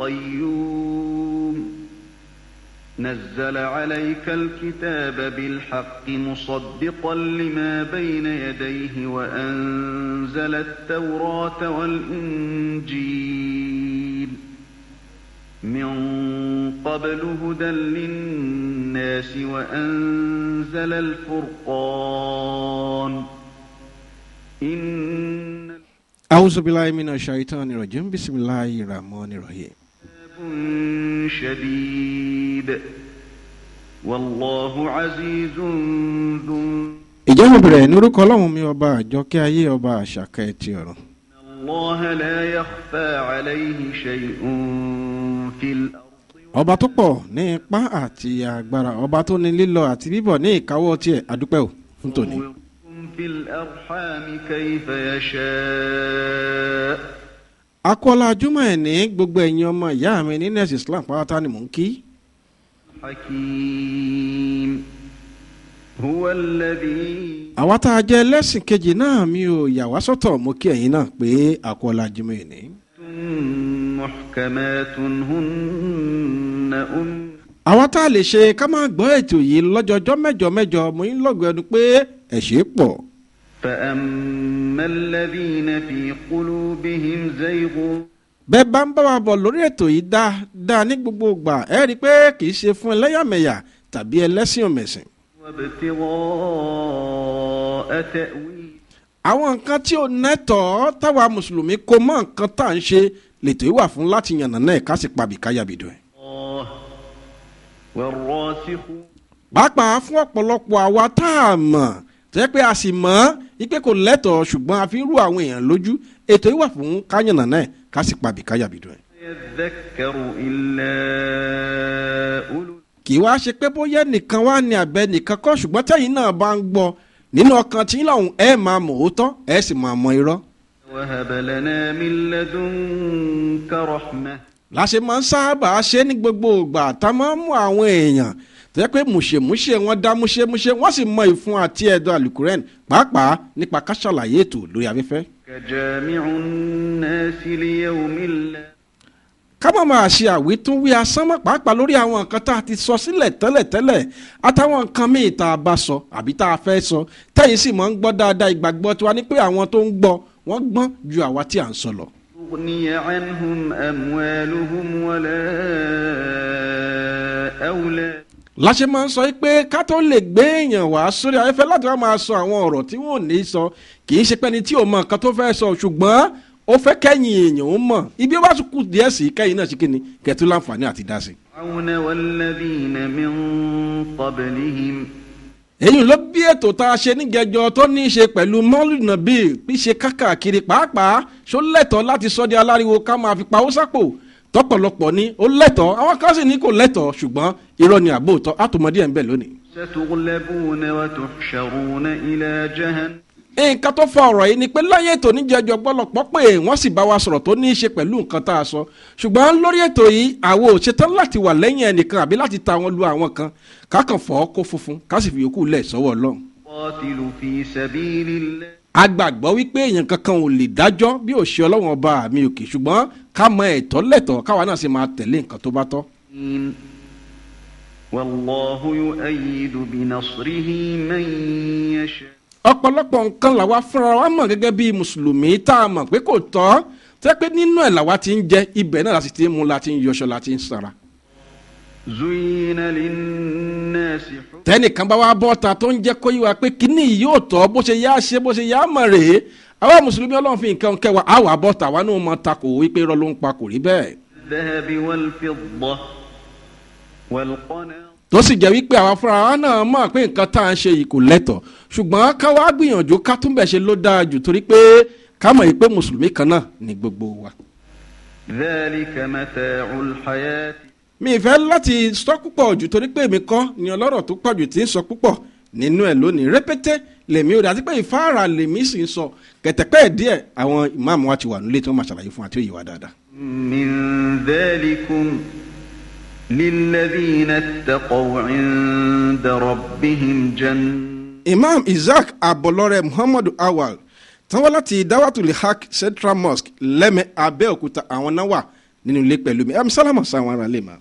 القيوم نزل عليك الكتاب بالحق مصدقا لما بين يديه وأنزل التوراة والإنجيل من قبل هدى للناس وأنزل الفرقان إن أعوذ بالله من الشيطان الرجيم بسم الله الرحمن الرحيم شديد والله عزيز ذو ìjẹ́wọ́ bẹ̀rẹ̀ nórúkọ ọlọ́run mi ọba àjọkẹ́ ayé ọba àṣàkà ẹtì ọ̀rọ̀. الله لا يخفى عليه شيء في الأرض ọba tó pọ̀ ní ipá àti agbára ọba tó ní lílọ àti bíbọ̀ ní ìkáwọ́ tiẹ̀ adúpẹ́ ò fún tòní akọ́lá júmọ̀ ẹ̀ ní gbogbo ẹ̀yin ọmọ ìyá mi ní nẹ́ẹ̀sì islam pátá ni mò ń kí. àwa tá a jẹ́ lẹ́sìn kejì náà mi ò yà wá sọ́tọ̀ mo kí ẹ̀yin náà pé akọ́lá júmọ̀ ẹ̀ ní. Um. àwa tá a lè ṣe ká máa gbọ́ ètò yìí lọ́jọ́jọ́ mẹ́jọ mẹ́jọ mo ń lọ́gbẹ̀ẹ́nu pé ẹ̀ṣẹ̀ pọ̀ bẹ́ẹ̀ bá ń bá wa bọ̀ lórí ètò yìí dáadáa ní gbogbo ìgbà ẹ rí i pé kì í ṣe fún ẹlẹ́yàmẹ̀yà tàbí ẹlẹ́sìn ọ̀mẹ̀sìn. àwọn nǹkan tí ò nẹ́tọ̀ọ́ táwa mùsùlùmí kò mọ nǹkan tá à ń ṣe lètò yìí fún láti yànnà náà ká sì pabì káyàbìdùn ẹ̀. pàápàá fún ọ̀pọ̀lọpọ̀ àwa tá a mọ̀ tẹ́ pé a sì mọ̀ ọ́ ipe kò lẹ́tọ̀ọ́ ṣùgbọ́n a fi ń rú àwọn èèyàn lójú ètò yìí wà fún káyànnà náà ká sì pàbí káyàbìdùn ẹ̀. kì í wá ṣe pé bóyá nìkan wá ní àbẹ nìkan kọ́ ṣùgbọ́n tẹ́yìn náà bá ń gbọ́ nínú ọkàn tí yín lọ́hùn ẹ̀ máa mọ̀ òótọ́ ẹ̀ sì máa mọ irọ́. láṣẹ máa ń sábà ṣe ní gbogbo ìgbà tá a máa ń mú àwọn èèyàn tó yẹ pé mùṣemúṣe wọn dá múṣemúṣe wọn sì mọ ìfun àti ẹ̀dọ̀ alukuren pàápàá nípa ká ṣàlàyé ètò lórí afẹ́fẹ́. ká má máa ṣe àwítúnwí asán mọ́ pàápàá lórí àwọn nǹkan tá a ti sọ sílẹ̀ tẹ́lẹ̀tẹ́lẹ̀ àtàwọn nǹkan míì tá a bá sọ àbí tá a fẹ́ sọ tẹ́yìn sì máa ń gbọ́ dáadáa ìgbàgbọ́ tiwa ni pé àwọn tó ń gbọ́ wọ́n gbọ́n ju àwa tí à ń sọ lọ. أغني عنهم láṣẹ máa ń sọ pé ká tó lè gbé èèyàn wá sórí afẹ́fẹ́ láti wá máa sọ àwọn ọ̀rọ̀ tí wọ́n ò ní sọ kì í ṣe pẹ́ni tí ò mọ nǹkan tó fẹ́ sọ ṣùgbọ́n ó fẹ́ kẹ́yìn èèyàn ó mọ̀ ibi ó bá tún kù díẹ̀ sí kẹ́yìn náà sí kíni kẹ́tù láǹfààní àti dá sí. àwọn walladhina min qablihim. èyí ló bí ètò tá a ṣe nígẹjọ tó ní í ṣe pẹ̀lú mọ́lù nàbí píṣe kákàkiri pàápàá ṣó lẹ́tọ̀ọ́ láti sọ di aláriwo ká máa fi pawó sápò tọ̀pọ̀lọpọ̀ ni ó lẹ́tọ̀ọ́ àwọn kan sì ní kò lẹ́tọ̀ọ́ ṣùgbọ́n irọ́ ni àbóòtọ́ àtòmọdé ẹ̀ ń bẹ lónìí. satughlabuna wa tuhsharuna ila jahannam nǹkan tó fa ọ̀rọ̀ yìí ni pé láyé ètò níjẹjọ gbọ́lọ̀pọ̀ pé wọ́n sì bá wa sọ̀rọ̀ tó ní í ṣe pẹ̀lú nǹkan tá a sọ ṣùgbọ́n lórí ètò yìí àwọn ò ṣetán láti wà lẹ́yìn ẹnìkan àbí láti ta wọn lu àwọn kan kákan fọ́ kó funfun ká sì fi yòókù lẹ̀ sọ́wọ́ Ọlọ́run. a gbàgbọ́ wípé èèyàn kankan ò lè dájọ́ bí ò ṣe ọba mi òkè ṣùgbọ́n ká mọ ẹ̀tọ́ lẹ́tọ̀ọ́ káwa náà sì máa tẹ̀lé nǹkan tó bá tọ́. wallahu yu'ayyidu bi nasrihi man yasha. ọ̀pọ̀lọpọ̀ nǹkan làwa fúnra wa mọ̀ gẹ́gẹ́ bí mùsùlùmí tá a mọ̀ pé kò tọ́ tẹ́ pé nínú ẹ̀ làwa ti ń jẹ ibẹ̀ náà láti ti ń mu láti ń yọṣọ láti ń sara. tẹ́nìkan bá wa bọ́ ta tó ń jẹ́ kó yíwa pé kíní yóò tọ́ bó ṣe yá ṣe bó ṣe yá mọ̀ rèé àwa mùsùlùmí ọlọ́run fi nǹkan kẹwàá àwa bọ́tà wa ní wọn máa takò wípé irọ́ ló ń pa kò rí bẹ́ẹ̀. tó sì jẹ́ wípé àwa fúnra wa náà mọ̀ pé nǹkan tá à ń ṣe yìí kò lẹ́tọ̀ ṣùgbọ́n ká wá gbìyànjú ká tún bẹ̀ ṣe ló dáa jù torí pé ká mọ̀ pé mùsùlùmí kan náà ni gbogbo wa. mi ìfẹ́ láti sọ púpọ̀ jù torí pé èmi kọ́ ni ọlọ́rọ̀ tó pọ̀ jù ti ń sọ púpọ̀ nínú ẹ̀ lónìí rẹpẹtẹ lèmi ò dé àti pé ìfáàrà lèmi sì ń sọ kẹ̀tẹ̀pẹ́ díẹ̀ àwọn ìmáàmù wa ti wà nílé tí wọ́n máa ṣàlàyé fún wa tí ó yé wa dáadáa. min dhalikum lilladhina ttaqaw rabbihim jann. imam isaac abolore muhammadu awal tán wá láti dawatul haq central mosque lẹ́mẹ̀ abẹ́òkúta àwọn náà wà nínú ilé pẹ̀lú mi ẹ̀ ń sáwọn ará lè máa.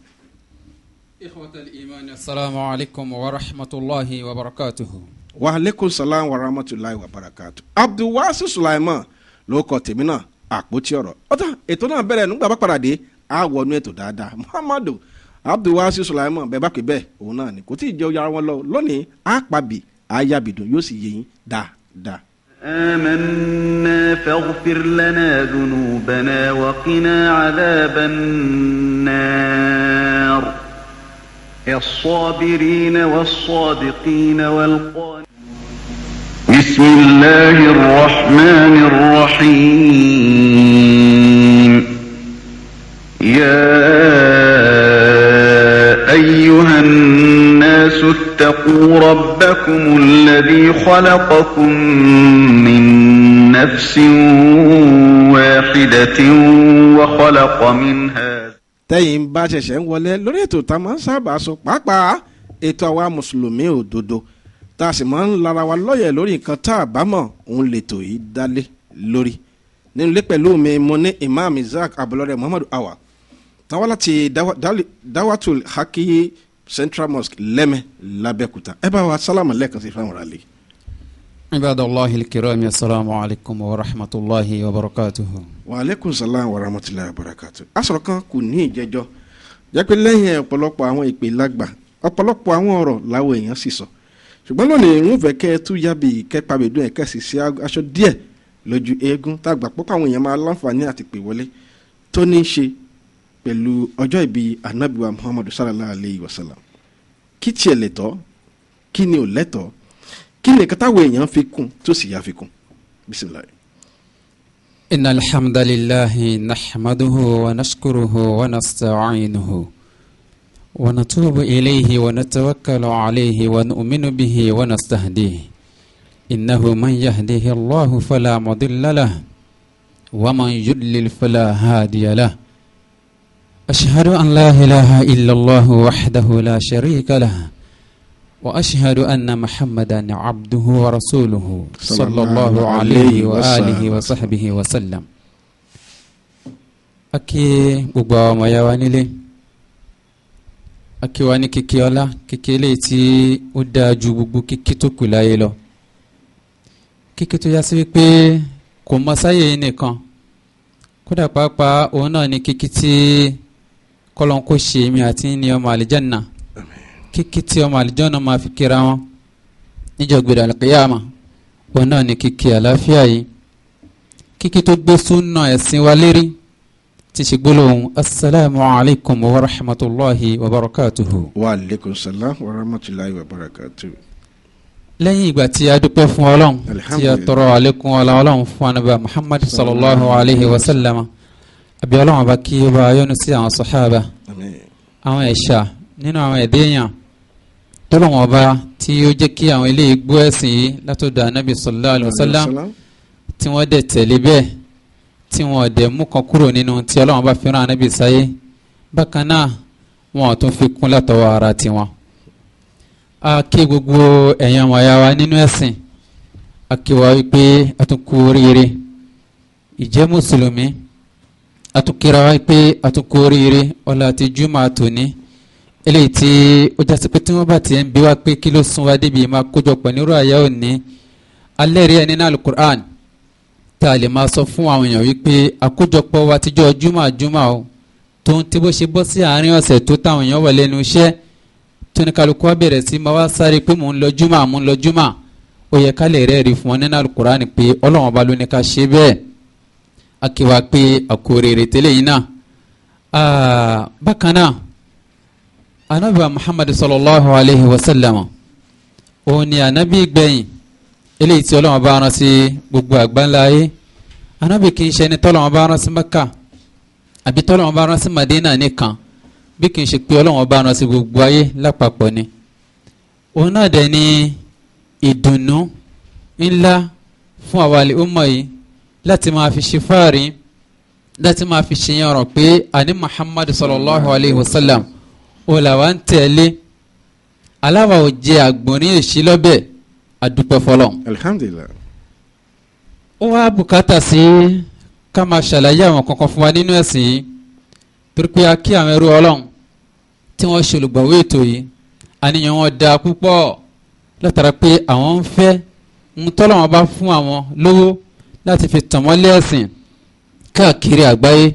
إخوة الإيمان السلام عليكم ورحمة الله وبركاته wa aleykum salaam wa rahmatulahi wa barakatu abdulwasi sulaiman ló kọ tèmi náà àpótí ọ̀rọ̀ ọ̀tá ètò náà bẹ̀rẹ̀ nígbà bá padà dé á ètò dáadáa muhammadu abdulwasi sulaiman bẹ́ẹ̀ bá pè bẹ́ẹ̀ òun náà ni kò tí ì jẹ́ yàrá wọn lọ lónìí á pàbí ayábìdùn yóò sì yé yín dáadáa. آمنا فاغفر لنا ذنوبنا وقنا عذاب النار الصابرين والصادقين والقانتين بسم الله الرحمن الرحيم يا أيها الناس اتقوا ربكم الذي خلقكم من نفس واحدة وخلق منها tẹ́yìn bá ṣẹ̀ṣẹ̀ ń wọlé lórí ètò tá a máa ń sábà sọ pàápàá ètò àwa mùsùlùmí òdodo tá a sì máa ń lara wa lọ́yẹ̀ lórí nǹkan tá a bá mọ̀ òun lètò yìí dálé lórí nínú ilé pẹ̀lú mi mo ní imam isaac abulọ́rẹ̀ muhammadu awa táwa láti dawatul haki central mosque lẹ́mẹ̀ lábẹ́kúta ẹ bá wa sálámù lẹ́ẹ̀kan sí fáwọn ọ̀rọ̀ عباد الله الكرام السلام عليكم ورحمة الله وبركاته وعليكم السلام ورحمة الله وبركاته àṣọ kan kù ní ìjẹjọ jẹ́ pé lẹ́yìn ọ̀pọ̀lọpọ̀ àwọn ìpè أرو ọ̀pọ̀lọpọ̀ àwọn ọ̀rọ̀ làwọn èèyàn sì sọ ṣùgbọ́n lónìí ń fẹ́ kẹ́ ẹ tú yábì kẹ́pàbẹ̀dún ẹ̀ kẹ́sì sí aṣọ díẹ̀ lójú eégún tàgbà pọ́pọ́ àwọn èèyàn máa láǹfààní àti pè wọlé tó ní í ṣe pẹ̀lú ọjọ́ ìbí anabiwa muhammadu sallallahu alayhi wa sallam kí tiẹ̀ lẹ̀tọ́ kí ni ò lẹ́tọ̀ọ́ kí ni nǹkan táwọn èèyàn fi kún tó sì yá fi kún bisimilayi. inna alhamdulilahi nahmaduhu wa nashkuruhu wa nasta'inuhu wa natubu ilayhi wa natawakkalu alayhi wa nu'minu bihi wa nastahdihi innahu man yahdihi allahu fala mudilla wa man yudlil fala hadiya ashhadu an la ilaha illa allahu wahdahu la sharika lahu وأشهد أن محمدا عبده ورسوله صلى الله عليه وآله وصحبه وسلم akí gbogbo ọmọ ya wa nílé akí wa ní kíkí ọlá kíkí eléyìí tí ó dáa ju gbogbo kíkí tó kù láyé lọ kíkí tó yá sí wípé kò mọ sáyé nìkan kódà pàápàá òun náà ní kíkí tí kọlọ́n kò ṣe èmi àti ní ọmọ àlìjánnà kíkí tí ọmọ àlìjọ́nà máa fi kíra wọn níjọ́ gbèrè àlùkìyàmà òun náà ni kíkí àlàáfíà yìí kíkí tó gbé súnà ẹ̀sìn wa lérí ti ṣe gbólóhùn asalaamu alaykum wa rahmatulahi wa barakatuhu. wa aleykum salaam wa rahmatulahi wa barakatuhu. lẹ́yìn ìgbà tí a dúpẹ́ fún ọlọ́run tí a tọrọ àlékún ọlọ́run fún anaba muhammad sallallahu alayhi wa sallam àbí ọlọ́run ọba àwọn sàhábà àwọn ẹ̀ṣà nínú àwọn ẹ̀dẹ́yàn tọ́lọ́wọ́n ọba tí ó jẹ́ kí àwọn ilé igbó ẹ̀sìn yìí látọ̀dọ̀ anabi sallallahu alayhi wa sallam tí wọ́n dẹ̀ tẹ̀lé bẹ́ẹ̀ tí wọ́n dẹ̀ mú kan kúrò nínú tí ọlọ́wọ́n bá fẹ́ràn anabi sáyé bákan náà wọ́n tún fi kún látọwọ́ ara tiwọn. a kí gbogbo ẹ̀yàn wọ̀nyá wa nínú ẹ̀sìn a kí wa wípé a tún kú oríire ìjẹ́ mùsùlùmí a tún kíra wípé a tún kú oríire ọ̀la àti jùmọ̀ àtòní eléyìí tí ó jásí pé tí wọ́n bá tiẹ̀ ń bí wá pé kí ló sún wa débi máa kójọpọ̀ nírú àyà òní alẹ́ rí ẹni náà alukur'an tá a lè máa sọ fún àwọn èèyàn wípé àkójọpọ̀ wa tíjọ́ júmọ̀ júmọ̀ o tó ń tí bó ṣe bọ́ sí àárín ọ̀sẹ̀ tó táwọn èèyàn wà lẹ́nu iṣẹ́ tó ní kálukú wa bẹ̀rẹ̀ sí máa wá sáré pé mò ń lọ júmọ̀ mò ń lọ júmọ̀ ó yẹ ká lè rẹ́ẹ̀rí fún wọn nínú alukur'an pé ọlọ́wọ́n ba ló ní ká ṣe bẹ́ẹ̀ akéwà pé àkórèrè tẹ́lẹ̀ yìí náà ah, bákan náà anabiwa muhammadu sallallahu alayhi wa sallam òun ni anabi gbẹ̀yìn eléyìí tí ọlọ́wọ́n bá rán sí gbogbo àgbáńlá ayé anabi kì í ṣe ẹni tọ́lọ́wọ́n bá rán sí maka àbí tọ́lọ́wọ́n bá rán sí madina nìkan bí kì í ṣe pé ọlọ́wọ́n bá rán sí gbogbo ayé lápapọ̀ ni òun náà dẹ̀ ni ìdùnnú ńlá fún àwa àlè ọmọ yìí láti máa fi ṣe fáàrí láti máa fi ṣe yẹn rọ̀ pé àní muhammadu sallallahu alayhi wa sallam o là wá ń tẹ̀lé aláwa ò jẹ àgbọ̀nrín èsì lọ́bẹ̀ àdúpẹ́ fọlọ́. alhamdulilayi. ó wá bùkátà sí ká máa ṣàlàyé àwọn kankan fún wa nínú ẹ̀sìn yìí torí kí àwọn ẹrú ọlọ́run tí wọ́n ṣe olùgbàwé ètò yìí àníyàn wọn da púpọ̀ látara pé àwọn ń fẹ́ ń tọ́lọ̀ wọn bá fún àwọn lówó láti fi tàn wọ́n lé ẹ̀sìn káàkiri àgbáyé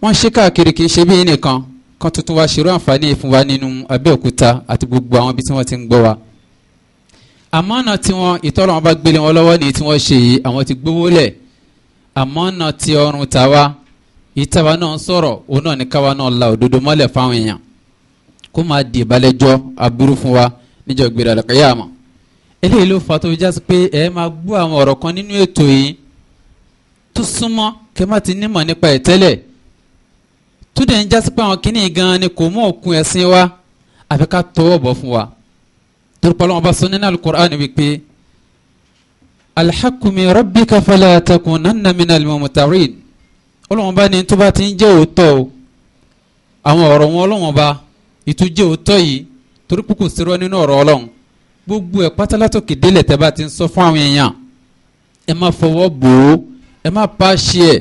wọ́n ṣe káàkiri kì í ṣe bí nìkan kan tuntun wa ṣerú àǹfààní fún wa nínú Abẹ́òkúta àti gbogbo àwọn ibi tí wọ́n ti ń gbọ́ wa. àmọ́nà tí wọ́n ìtọ́lọ́ wọn bá gbélé wọn lọ́wọ́ ní tí wọ́n ṣe yìí àwọn ti gbówó lẹ̀ àmọ́nà tí ọrùn tàwa ìtàwa náà ń sọ̀rọ̀ òun náà ní káwa náà la òdodo mọ́lẹ̀ fáwọn èèyàn kó máa di ìbálẹ́jọ́ aburú fún wa níjọ́ gbèrè àlùkìyámà eléyìí ló tó dẹ̀ ń jásí pé àwọn kìíní gan ni kò mú òkun ẹ̀sìn wa àfi ká tọwọ́ bọ̀ fún wa torí pàlọ́ wọn bá sọ nínú alukur'an wípé alḥaqu min rabbika fala takunanna minal mumtarin ọlọ́wọ́n bá ní tó bá ti ń jẹ́ òótọ́ o àwọn ọ̀rọ̀ wọn ọlọ́wọ́n bá ìtújẹ́ òótọ́ yìí torí pé sírọ́ nínú ọ̀rọ̀ ọlọ́run gbogbo ẹ̀ pátálátò kìdílẹ̀ tẹ́ bá ti ń sọ fún àwọn èèyàn ẹ má fọwọ́ bò ẹ má pa ṣe ẹ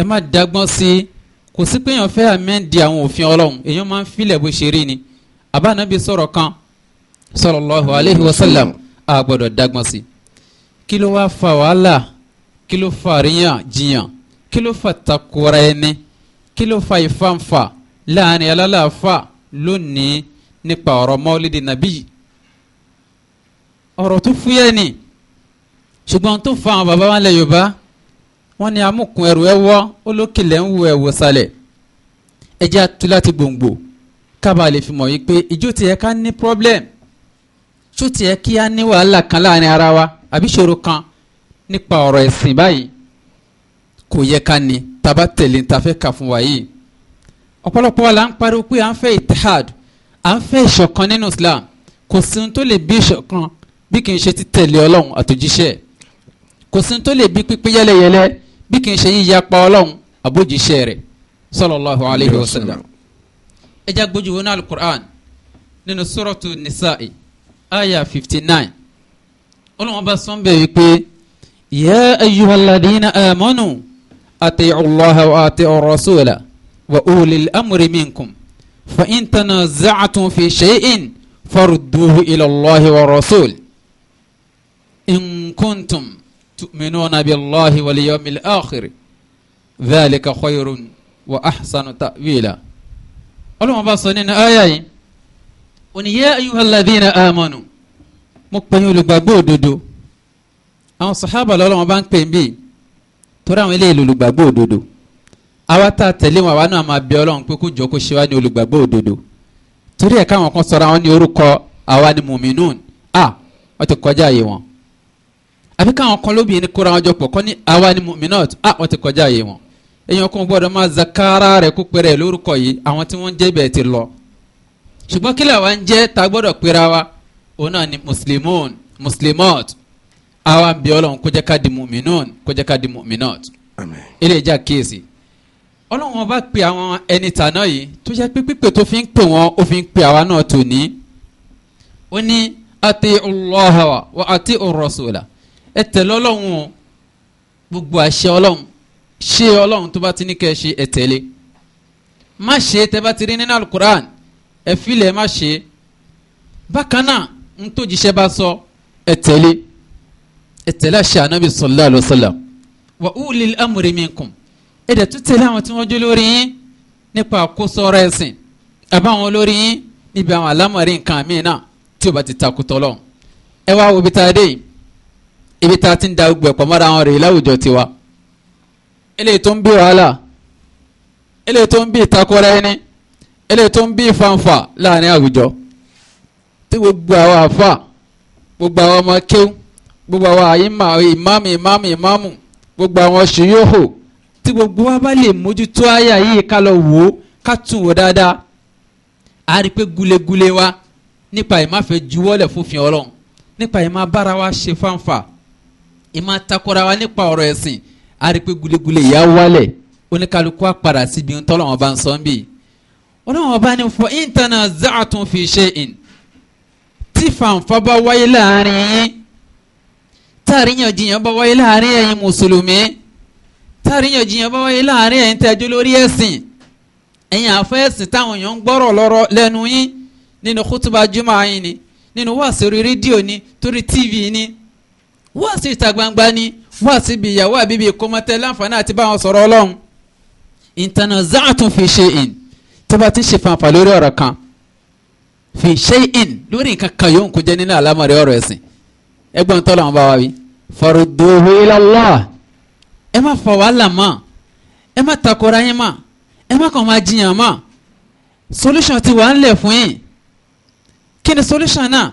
ẹ má dágbọ́n sí i kò sí pé èèyàn fẹ́ àmẹ́ǹdì àwọn òfin ọlọ́run èèyàn máa ń filẹ̀ bó ṣe rí ni àbánábí sọ̀rọ̀ kan sallallahu alaihi wasallam a gbọ́dọ̀ dágbọ́n sí kí ló wá fa wàhálà kí ló fa àríyàn jiyàn kí ló fa takora ẹni kí ló fa ìfanfa láàrin alálàáfà lónìí nípa ọ̀rọ̀ mọ́lídìí nàbí ọ̀rọ̀ tó fúyẹ́ ni ṣùgbọ́n tó fa àwọn bàbá wa lẹ̀ yorùbá wọ́n ní amúkun ẹrù ẹ wọ́ olókìlẹ̀ ń wo ẹ̀wò sálẹ̀ ẹjẹ́ atúlá ti gbòǹgbò kábà lè fi mọ̀ yìí pé ìjó tiẹ̀ ká ní problem tó tiẹ̀ kí á ní wàhálà kan láàrin ara wa àbí ìṣòro kan nípa ọ̀rọ̀ ẹ̀sìn báyìí kò yẹ ká ní taba tẹ̀lé ta fẹ́ kà fún wa yìí ọ̀pọ̀lọpọ̀ wa la ń pariwo pé à ń fẹ́ itihad à ń fẹ́ ìṣọ̀kan nínú Islam kò sí ohun tó lè bí ìṣọ̀kan bí kì í ṣe ti tẹ̀lé Ọlọ́run àtòjíṣẹ́ kò sí ohun tó lè bí pípé yẹ́lẹ́yẹ́lẹ́ bí kì í ṣe yíyapa ọlọ́run àbójíṣẹ́ rẹ̀ sallallahu alayhi wa sallam. ẹ jẹ́ gbójú wọn alukur'an nínú suratu nisa'i aya fifty nine ọlọ́run bá sọ ń bẹ̀ wípé ya ayyuhalladhina amanu ati'u allaha wa ati'u rasula wa ulil amri minkum fa in tanaza'tum fi shay'in farudduhu ila wa rasul in kuntum tu'minuna billahi wal yawmil akhir dhalika khayrun wa ahsanu ta'wila ọlọ́wọ́n bá sọ nínú ayá yìí ó ní yá ayyuhal ladhina amanu mo pè yín olùgbàgbọ́ òdodo àwọn sàhábà lọ́lọ́wọ́n bá ń pè mí torí àwọn eléyìí olùgbàgbọ́ òdodo àwa tá a tẹ̀lé wọn àwa náà máa bẹ ọlọ́run pé kó jọ kó ṣe wá ní olùgbàgbọ́ òdodo torí ẹ̀ káwọn kan sọra wọn ní orúkọ àwa ni muminun a wọ́n ti kọjá àyè wọn àfi káwọn kan lóbìnrin kóra wọn jọ pọ̀ kọ́ ní àwa ni mu'minat a ah, wọ́n ti kọjá yìí wọn èèyàn kò gbọ́dọ̀ máa zakara rẹ̀ kó pẹ̀rẹ̀ lórúkọ yìí àwọn tí wọ́n ń jẹ́ ti lọ ṣùgbọ́n kí làwa ń jẹ́ ta gbọ́dọ̀ pera wa òun náà ni muslimun muslimat àwa ń bí ọlọ́run kó jẹ́ ká di mu'minun kó jẹ́ ká di mu'minat ilé ìjà kéèsì ọlọ́run ọba pe àwọn ẹni tàná yìí tó yẹ pé pípé tó fi ń pè wọ́n ó fi ń pè àwa náà tòní ó ní ati'u Allaha wa ati'u Rasula ẹ tẹ̀lé o gbogbo àṣẹ ọlọ́run ṣe ọlọ́run tó bá ti ní kẹ́ ẹ ṣe ẹ tẹ̀lé má ṣe tẹ́ bá ti rí nínú alukur'an ẹ filẹ̀ má ṣe bákan náà tó jíṣẹ bá sọ etele tẹ̀lé ẹ tẹ̀lé àṣẹ anabi sallallahu wa sallam wa ulil amri minkum ẹ dẹ̀ tún àwọn tí wọ́n jó lórí yín nípa àkóso ọ̀rọ̀ ẹ̀sìn àbáwọn olórí yín níbi àwọn alámọ̀rí nǹkan mìíràn tí o bá ti lọ ẹ wá wo bí tá a dé yìí ibi tá a ti ń da gbogbo ẹ̀pọ̀ mọ́ra wọn rèé láwùjọ tiwa eléyìí tó ń bí wàhálà eléyìí tó ń bí ìtakora ẹni eléyìí tó ń bí ìfanfà láàrin àwùjọ tí gbogbo àwọn àfà gbogbo àwọn ọmọ kéwù gbogbo àwọn àyímà ìmáàmù ìmáàmù ìmáàmù gbogbo àwọn ṣùyóhò tí gbogbo wa bá lè mójútó àyà yìí ká lọ wò ó ká tún wò dáadáa a rí i pé gulegule wa nípa ìmáfẹ́ juwọ́lẹ̀ fúnfin ọlọ́run nípa ìmá bára wa ṣe fanfa ìmọ̀ takora wa nípa ọ̀rọ̀ ẹ̀sìn àrípé gulegule ìyá wálẹ̀ oníkálukú àpàrà síbi ń tọ́lọ́wọ́n bá ń sọ ń bì ọlọ́wọ́n bá ní fọ ìntànà zaatun fi ṣe in tí fàǹfà bá wáyé láàrin yín táàríyànjiyàn bá wáyé láàrin ẹ̀yin mùsùlùmí táàríyànjiyàn bá wáyé láàrin ẹ̀yin tẹ́jọ́ lórí ẹ̀sìn ẹ̀yin àfẹ́sìn táwọn èèyàn ń gbọ́rọ̀ lọ́rọ̀ lẹ́nu yín nínú kútùbà jùmọ̀ ni nínú wàásù rédíò ni torí tíìvì ni wáàsí ìta gbangba ni wáàsí bí ìyàwó àbíbí kọ́mọtẹ́ láǹfààní àti báwọn sọ̀rọ̀ ọlọ́run intanaza'atun fi shay'in tó bá ti ṣe fanfa lórí ọ̀rọ̀ kan fi shay'in lórí nǹkan kan yóò kó jẹ́ nínú àlámọ̀rẹ́ ọ̀rọ̀ ẹ̀sìn ẹgbọ́n tọ́lọ̀ wọn bá wa wí. farudduhu Allah. ẹ má fọ wàhálà mọ́ ẹ má takora yín mọ́ ẹ má kàn máa jiyàn mọ́ solution ti wà ń lẹ̀ fún yín kí ni solution náà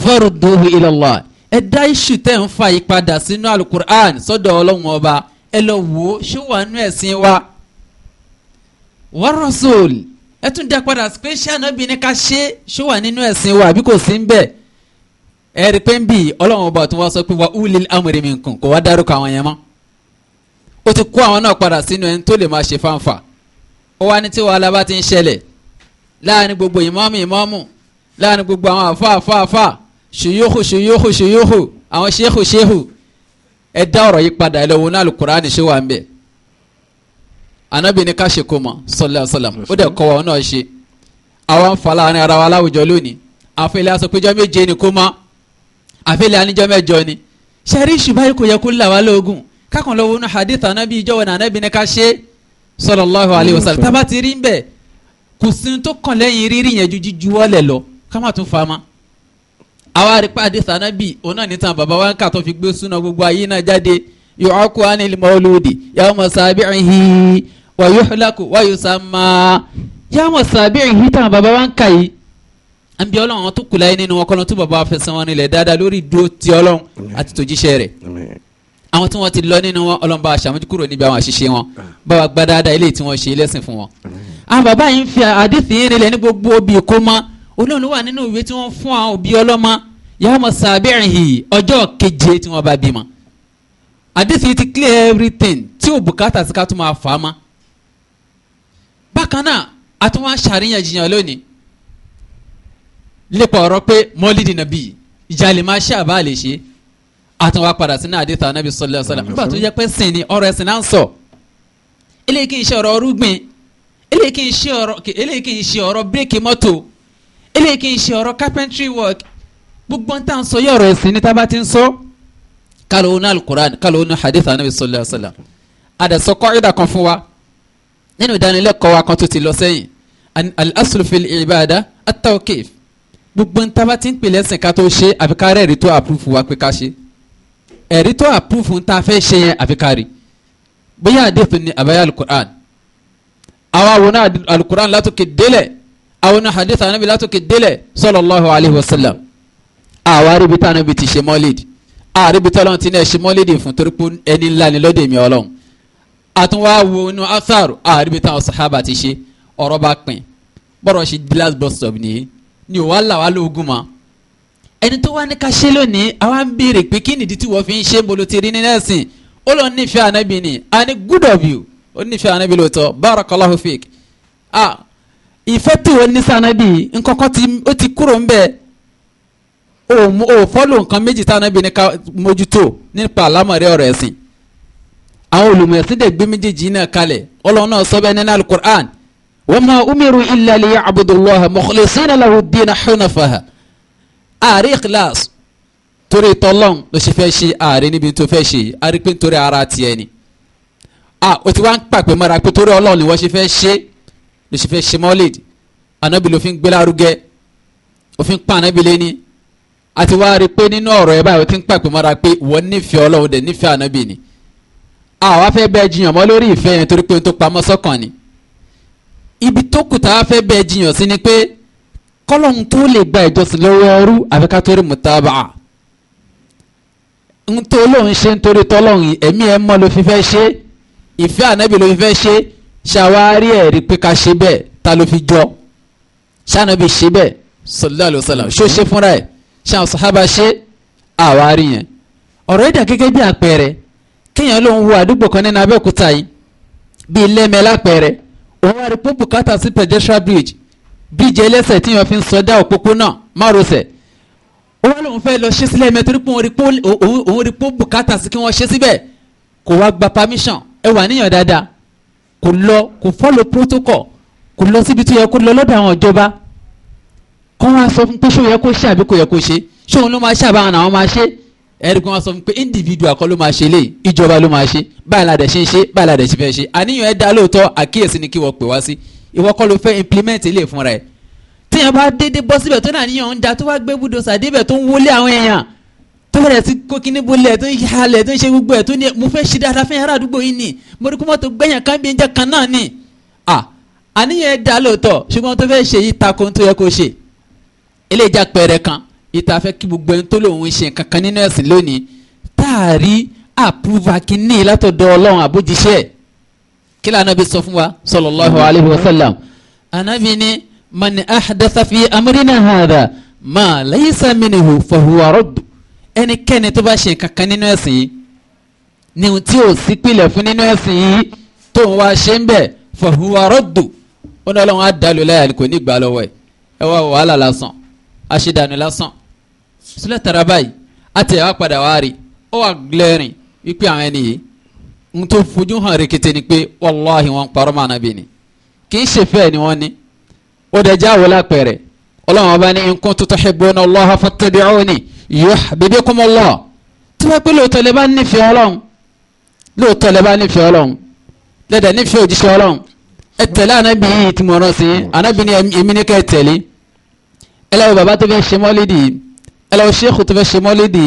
farudduhu Allah ẹ dá iṣu tẹ́ ń fa ìpadà sínú alukur'an sọ́dọ̀ ọlọ́run ọba ẹ lọ wò ó ṣé wàá nú ẹ̀sìn wa. wọ́rọ̀sọ̀l ẹ tún dá padà pé ṣé ànábì ní ká ṣe ṣé wàá nínú ẹ̀sìn wa àbí kò sí ń bẹ̀. ẹ rí i pé ń bì ọlọ́run ọba tó wá sọ pé wà á wúlil amúre mi nǹkan kò wá dárúkọ àwọn yẹn mọ́. ó ti kó àwọn náà padà sínú ẹni tó lè máa ṣe fáǹfà. ó wá ní tí wàhálà bá ti ń ṣẹlẹ̀ láàrin gbogbo ìmáàmù ìmáàmù láàrin gbogbo àwọn àfa ṣèyóhù ṣèyóhù ṣèyóhù àwọn ṣéhù ṣéhù ẹ dá ọ̀rọ̀ yìí padà ẹ lọ wo náà Al-Qur'ani ṣé wà ń bẹ̀ anabi ni ká ṣe kó mọ sallallahu alaihi wasallam ó dẹ̀ kọ́ wa náà ṣe àwa ń falà ní wa láwùjọ lónìí àfẹlẹ́ aṣọ méje ni kó mọ àfẹlẹ́ aníjọ mẹ́jọ ni ṣẹ́rí ṣùgbọ́n kò yẹ kó là wá lóògùn kákan lọ́wọ́ ní hadith anabi ìjọba ní anabi ni ká ṣe alayhi alaihi wasallam tábà ti rí ń bẹ̀ kò sí tó kàn lẹ́yìn rírì yẹn ju jíjuwọ́lẹ̀ lọ ká má tún fa máa àwa rí pàdé sànábì òun náà nítan bàbá wa ń kà tó fi gbé súná gbogbo ayé náà jáde yu'aku anil mawludi yawma sabi'ihi wa yuhlaku wa yusamma yawma sabi'ihi tàn bàbá wa ń kà yìí an bí ọlọ́run tó kù láyé nínú wọn kọ́lọ́n tó bàbá wa fẹsẹ̀ wọn nílẹ̀ dáadáa lórí ìdúró ti ọlọ́run àti tòjíṣẹ́ rẹ̀ àwọn tí wọ́n ti lọ nínú wọn ọlọ́run bá wa ṣàmójú kúrò níbi àwọn àṣìṣe wọn bá wa gba dáadáa eléyìí tí wọ́n ṣe lẹ́sìn fún wọn. àwọn bàbá yìí ń fi àdìsí yín nílẹ̀ ní gbogbo obì kó mọ́ olóòlù wà nínú ìwé tí wọ́n fún àwọn òbí ọlọ́mọ yàmọ̀ sàbẹ̀rìhì ọjọ́ keje tí wọ́n bá bímọ. àdìsí ti clear everything tí ò bùkátà sí ká tún máa fà á mọ́. bákan náà a tún wá ṣàríyànjiyàn lónìí lépa ọ̀rọ̀ pé mọ́lídìí nàbí ìjà lè máa ṣe àbá lè ṣe àtúnwá padà sínú àdìsí ànábì sallallahu alaihi wasallam nígbà tó yẹ pé sìn ni ọ̀rọ̀ ẹ̀sìn náà ń sọ eléyìí kì í ṣe ọ̀rọ̀ ọrúgbìn eléyìí kì í ṣe ọ̀rọ̀ eléyìí kì í ṣe ọ̀rọ̀ carpentry work gbogbo tá à ń sọ yẹ ọ̀rọ̀ ẹ̀sìn ní tá a bá ti ń sọ kálọ̀ onú alukur'an kálọ̀ onú hadith anabi sallallahu alayhi wa sallam àdàsọ kọ́ìdà kan fún wa nínú ìdánilẹ́kọ̀ọ́ wa kan tó ti lọ sẹ́yìn al-aslu fil ibada at-tawqif gbogbo tá a bá ti ń pèlè ẹ̀sìn ká tó ṣe àfi ká tó àpúfù wa pé ká ṣe ẹ̀rí tó àpúfù tá fẹ́ ṣe yẹn àfi bóyá hadith ni àbáyá alukur'an àwa wọnú alukur'an látòkè délẹ̀ àwọn hadith anabi látòkè délẹ̀ sallallahu alayhi wa sallam àwa ríbi tí anabi ti ṣe mọ́lẹ́dì àríbi tí ọlọ́run ti ní ẹ̀ ṣe mọ́lẹ́dì fún torí pé ẹni ńlá ni lọ́dẹ̀ mi ọlọ́run àtúnwá wo inú atharu àríbi tí àwọn sahaba ti ṣe ọ̀rọ̀ bá pin bọ́rọ̀ ṣe glass bus stop nìyí ni ò wá là wá lóògùn mọ́ ẹni tó wá ní ká ṣe lónìí àwa ń béèrè pé kí nìdí tí wọ́n fi ń ṣe bolo ti rí ní nẹ́ẹ̀sìn ó lọ nífẹ̀ẹ́ anabi ni a ní good of you ó nífẹ̀ẹ́ anabi lóòótọ́ barakallahu fik ah ìfẹ́ tí wọ́n ní sànàbì nkọ́kọ́ tí ó ti kúrò ń bẹ̀ ó ó fọ́lò nǹkan méjì sànàbì ní ká mójútó nípa àlámọ̀rẹ́ ọ̀rọ̀ ẹ̀sìn àwọn olùmọ̀ ẹ̀sìn dẹ̀ gbé méjèèjì náà kalẹ̀ ọlọ́run náà sọ bẹ́ẹ̀ nínú alukur'an wa ma umiru illa liya'budullaha mukhlisina lahu ddina hunafaha ààrẹ ikhlas torí tọ́lọ́n ló ṣe fẹ́ ṣe ààrẹ níbi tó fẹ́ ṣe àrípé nítorí ara tiẹ̀ ni ah o ti wá ń pàpẹ́ mọ́ra pé torí ọlọ́run ni wọ́n ṣe fẹ́ ṣe é ló ṣe fẹ́ ṣe mọ́lẹ̀dì anabi ló fi ń gbélárugẹ òfin pa anabi lé ní àti wá rí i pé nínú ọ̀rọ̀ ẹ̀ báyìí ó ti ń pàpè mọ́ra pé wọ́n nífẹ̀ẹ́ ọlọ́run dẹ̀ nífẹ̀ẹ́ anabi ni àwa fẹ́ bẹ́ẹ̀ jiyàn mọ́ lórí ìfẹ́ yẹn torí pé n tó pamọ́ sọ́kàn ni ibi tó kù tá a fẹ́ bẹ́ẹ̀ jiyàn sí ni pé kọ́lọ́hún tó lè gba ìjọsìn lọ́wọ́ ọrú àfi ká torí mùtábà n ṣe nítorí tọ́lọ́hún ẹ̀mí ẹ̀ mọ́ ló fi ṣe ìfẹ́ ànábì ló fi ṣe ṣàwárí ẹ̀rí pé ká ṣe bẹ́ẹ̀ ta ló fi jọ ṣànàbí ṣe bẹ́ẹ̀ sallallahu alaihi wasallam ṣó ṣe fúnra ẹ̀ ṣàwọn sàhábà ṣe àwárí yẹn ọ̀rọ̀ ìdà gẹ́gẹ́ bí àpẹẹrẹ kéèyàn ló ń wo àdúgbò kan nínú Abẹ́òkúta yìí bíi lẹ́mẹ̀ lápẹẹrẹ òun wá rí pé bùkátà sí pedestrian bridge bíríjì ẹlẹ́sẹ̀ tí wọ́n fi ń sọdá òpópónà márosẹ̀ ó wá lóun fẹ́ lọ ṣe sílẹ̀ mẹ́tò nípa òun rí pé bùkátà sí kí wọ́n ṣe síbẹ̀ kò wá gba permission ẹ wà níyàn dáadáa kò lọ kò follow protocol kò lọ síbi tó yẹ kó lọ lọ́dọ̀ àwọn ìjọba kó wọn sọ fún pé ṣé ó yẹ kó ṣe àbí kò yẹ kó ṣe ṣé òun ló máa ṣe àbáwọn àwọn máa ṣe ẹ̀rí kan sọ fún pé individual kọ́ ló máa ṣe léyìí ìjọba ló máa ṣe báyìí la dẹ̀ ṣe ń ṣe báyìí la dẹ̀ ṣe fẹ́ ṣe àníyàn ẹ̀ dá lóòótọ́ àkíyèsí ni kí wọ́n pè wá sí ìwọ kọ́ ló fẹ́ implement ilé ìfúnra ẹ̀ tíyẹn bá dédé bọ́ síbẹ̀ tó náà níyàn ń da tó wá gbé búdòsà débẹ̀ tó ń wọlé àwọn èèyàn tó bẹ̀rẹ̀ sí kó kíní bolẹ̀ tó ń halẹ̀ tó ń ṣe gbogbo ẹ̀ tó ní mo fẹ́ ṣe dáadáa fẹ́ yàrá àdúgbò yìí ni mo rí kó mọ́tò gbẹ̀yàn kan bí ẹja kan náà ni à àníyàn dá lóòótọ́ ṣùgbọ́n tó fẹ́ ṣe yìí ta ko tó yẹ kó ṣe eléyìí já pẹ̀rẹ̀ kan ìta fẹ́ kí gbogbo ẹni tó lòun ṣe kankan nínú ẹ̀sìn lónìí táàrí àpúva kíní látọ̀dọ̀ ọlọ́run àbójíṣẹ́ kí lànàbí sọ fún wa ẹnikẹ́ni tó bá ṣe nǹkan kan nínú ẹ̀sìn yìí ni ohun tí ò sí pilẹ̀ fún nínú ẹ̀sìn yìí tó ń wá ṣe ń bẹ̀ fọ̀húnwárọ́dù ó ní ọlọ́run á dàlú láyà kò ní gbà lọ́wọ́ ẹ̀ ẹ wá wàhálà lásán àṣedànù lásán sílẹ̀ tara báyìí àti ẹ̀ wá padà wá rí ó wà glẹ́rìn wípé àwọn ẹni yìí ń tó fojú hàn rèkété ni pé wàláhì wọn parọ́ màánà bì ní kì í ṣe fẹ́ẹ̀ ni wọ́n ní ó dẹ̀ wọlé àpẹẹrẹ ọlọ́run ọba ní in kuntum tuhibbuna Allaha fattabi'uni yuhibbukumullah tí wọ́n pé lóòótọ́ lè bá nífẹ̀ẹ́ ọlọ́run lóòótọ́ lè bá nífẹ̀ẹ́ ọlọ́run lẹ́dẹ̀ nífẹ̀ẹ́ òjíṣẹ́ ọlọ́run ẹ tẹ̀lé anábì yìí tí mo rán sí anábì ni èmi ní ká ẹ tẹ̀lé ẹ lọ́wọ́ bàbá tó fẹ́ ṣe mọ́lídì ẹ lọ́wọ́ ṣéèkù tó fẹ́ ṣe mọ́lídì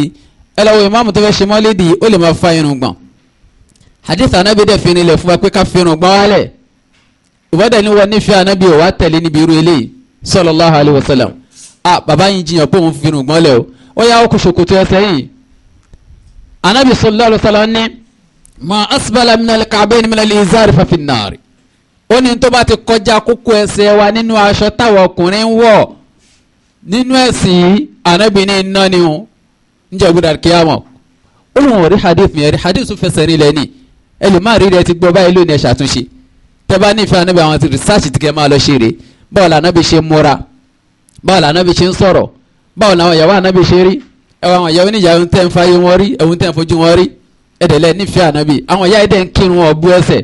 ẹ lọ́wọ́ ìmáàmù tó fẹ́ ṣe mọ́lídì ó lè máa fa irun gbọ̀n hadith anábì dẹ̀ fi nílẹ̀ fún wa pé ká fi irun gbọ̀n wálẹ̀ ìbọ̀dẹ̀ ni wọ́n nífẹ̀ẹ́ anábì ò wá tẹ̀lé níbi irú eléyìí sallallahu alayhi wa sallam ah bàbá yìí jiyàn pé òun fi irun gbọ̀n lẹ̀ o ó yà ó kó ṣòkòtò ẹsẹ̀ yìí anabi sallallahu alayhi wa sallam ní ma asbala minal ka'bayn minal izari fafi nnaari ó ní tó bá ti kọjá kókó ẹsẹ̀ wa nínú aṣọ táwọn ọkùnrin ń wọ̀ nínú ẹ̀sìn yìí anabi ní iná ni ó ń jẹ́ gbọ́dọ̀ kíámọ̀ ó lóun ò rí hadith yẹn rí hadith fẹsẹ̀ rí lẹ́ni ẹlòmárì rẹ ti gbọ́ báyìí lónìí ẹ̀ ṣàtúnṣe tẹ́ nífẹ̀ẹ́ anabi àwọn ti rìsáàsì ti máa lọ ṣe báwo lànà bí ṣe múra báwo lànà bí ṣe ń sọ̀rọ̀ báwo làwọn ìyàwó ànábì ṣe rí ẹwà àwọn ìyàwó níyàwó tẹ́ ń fáyé wọn rí ẹ̀hún tẹ́ ń fojú wọn rí ẹ̀dẹ̀lẹ̀ nífẹ̀ẹ́ ànábì àwọn ìyá ẹ̀dẹ̀ ń kírun ọ̀bú ẹsẹ̀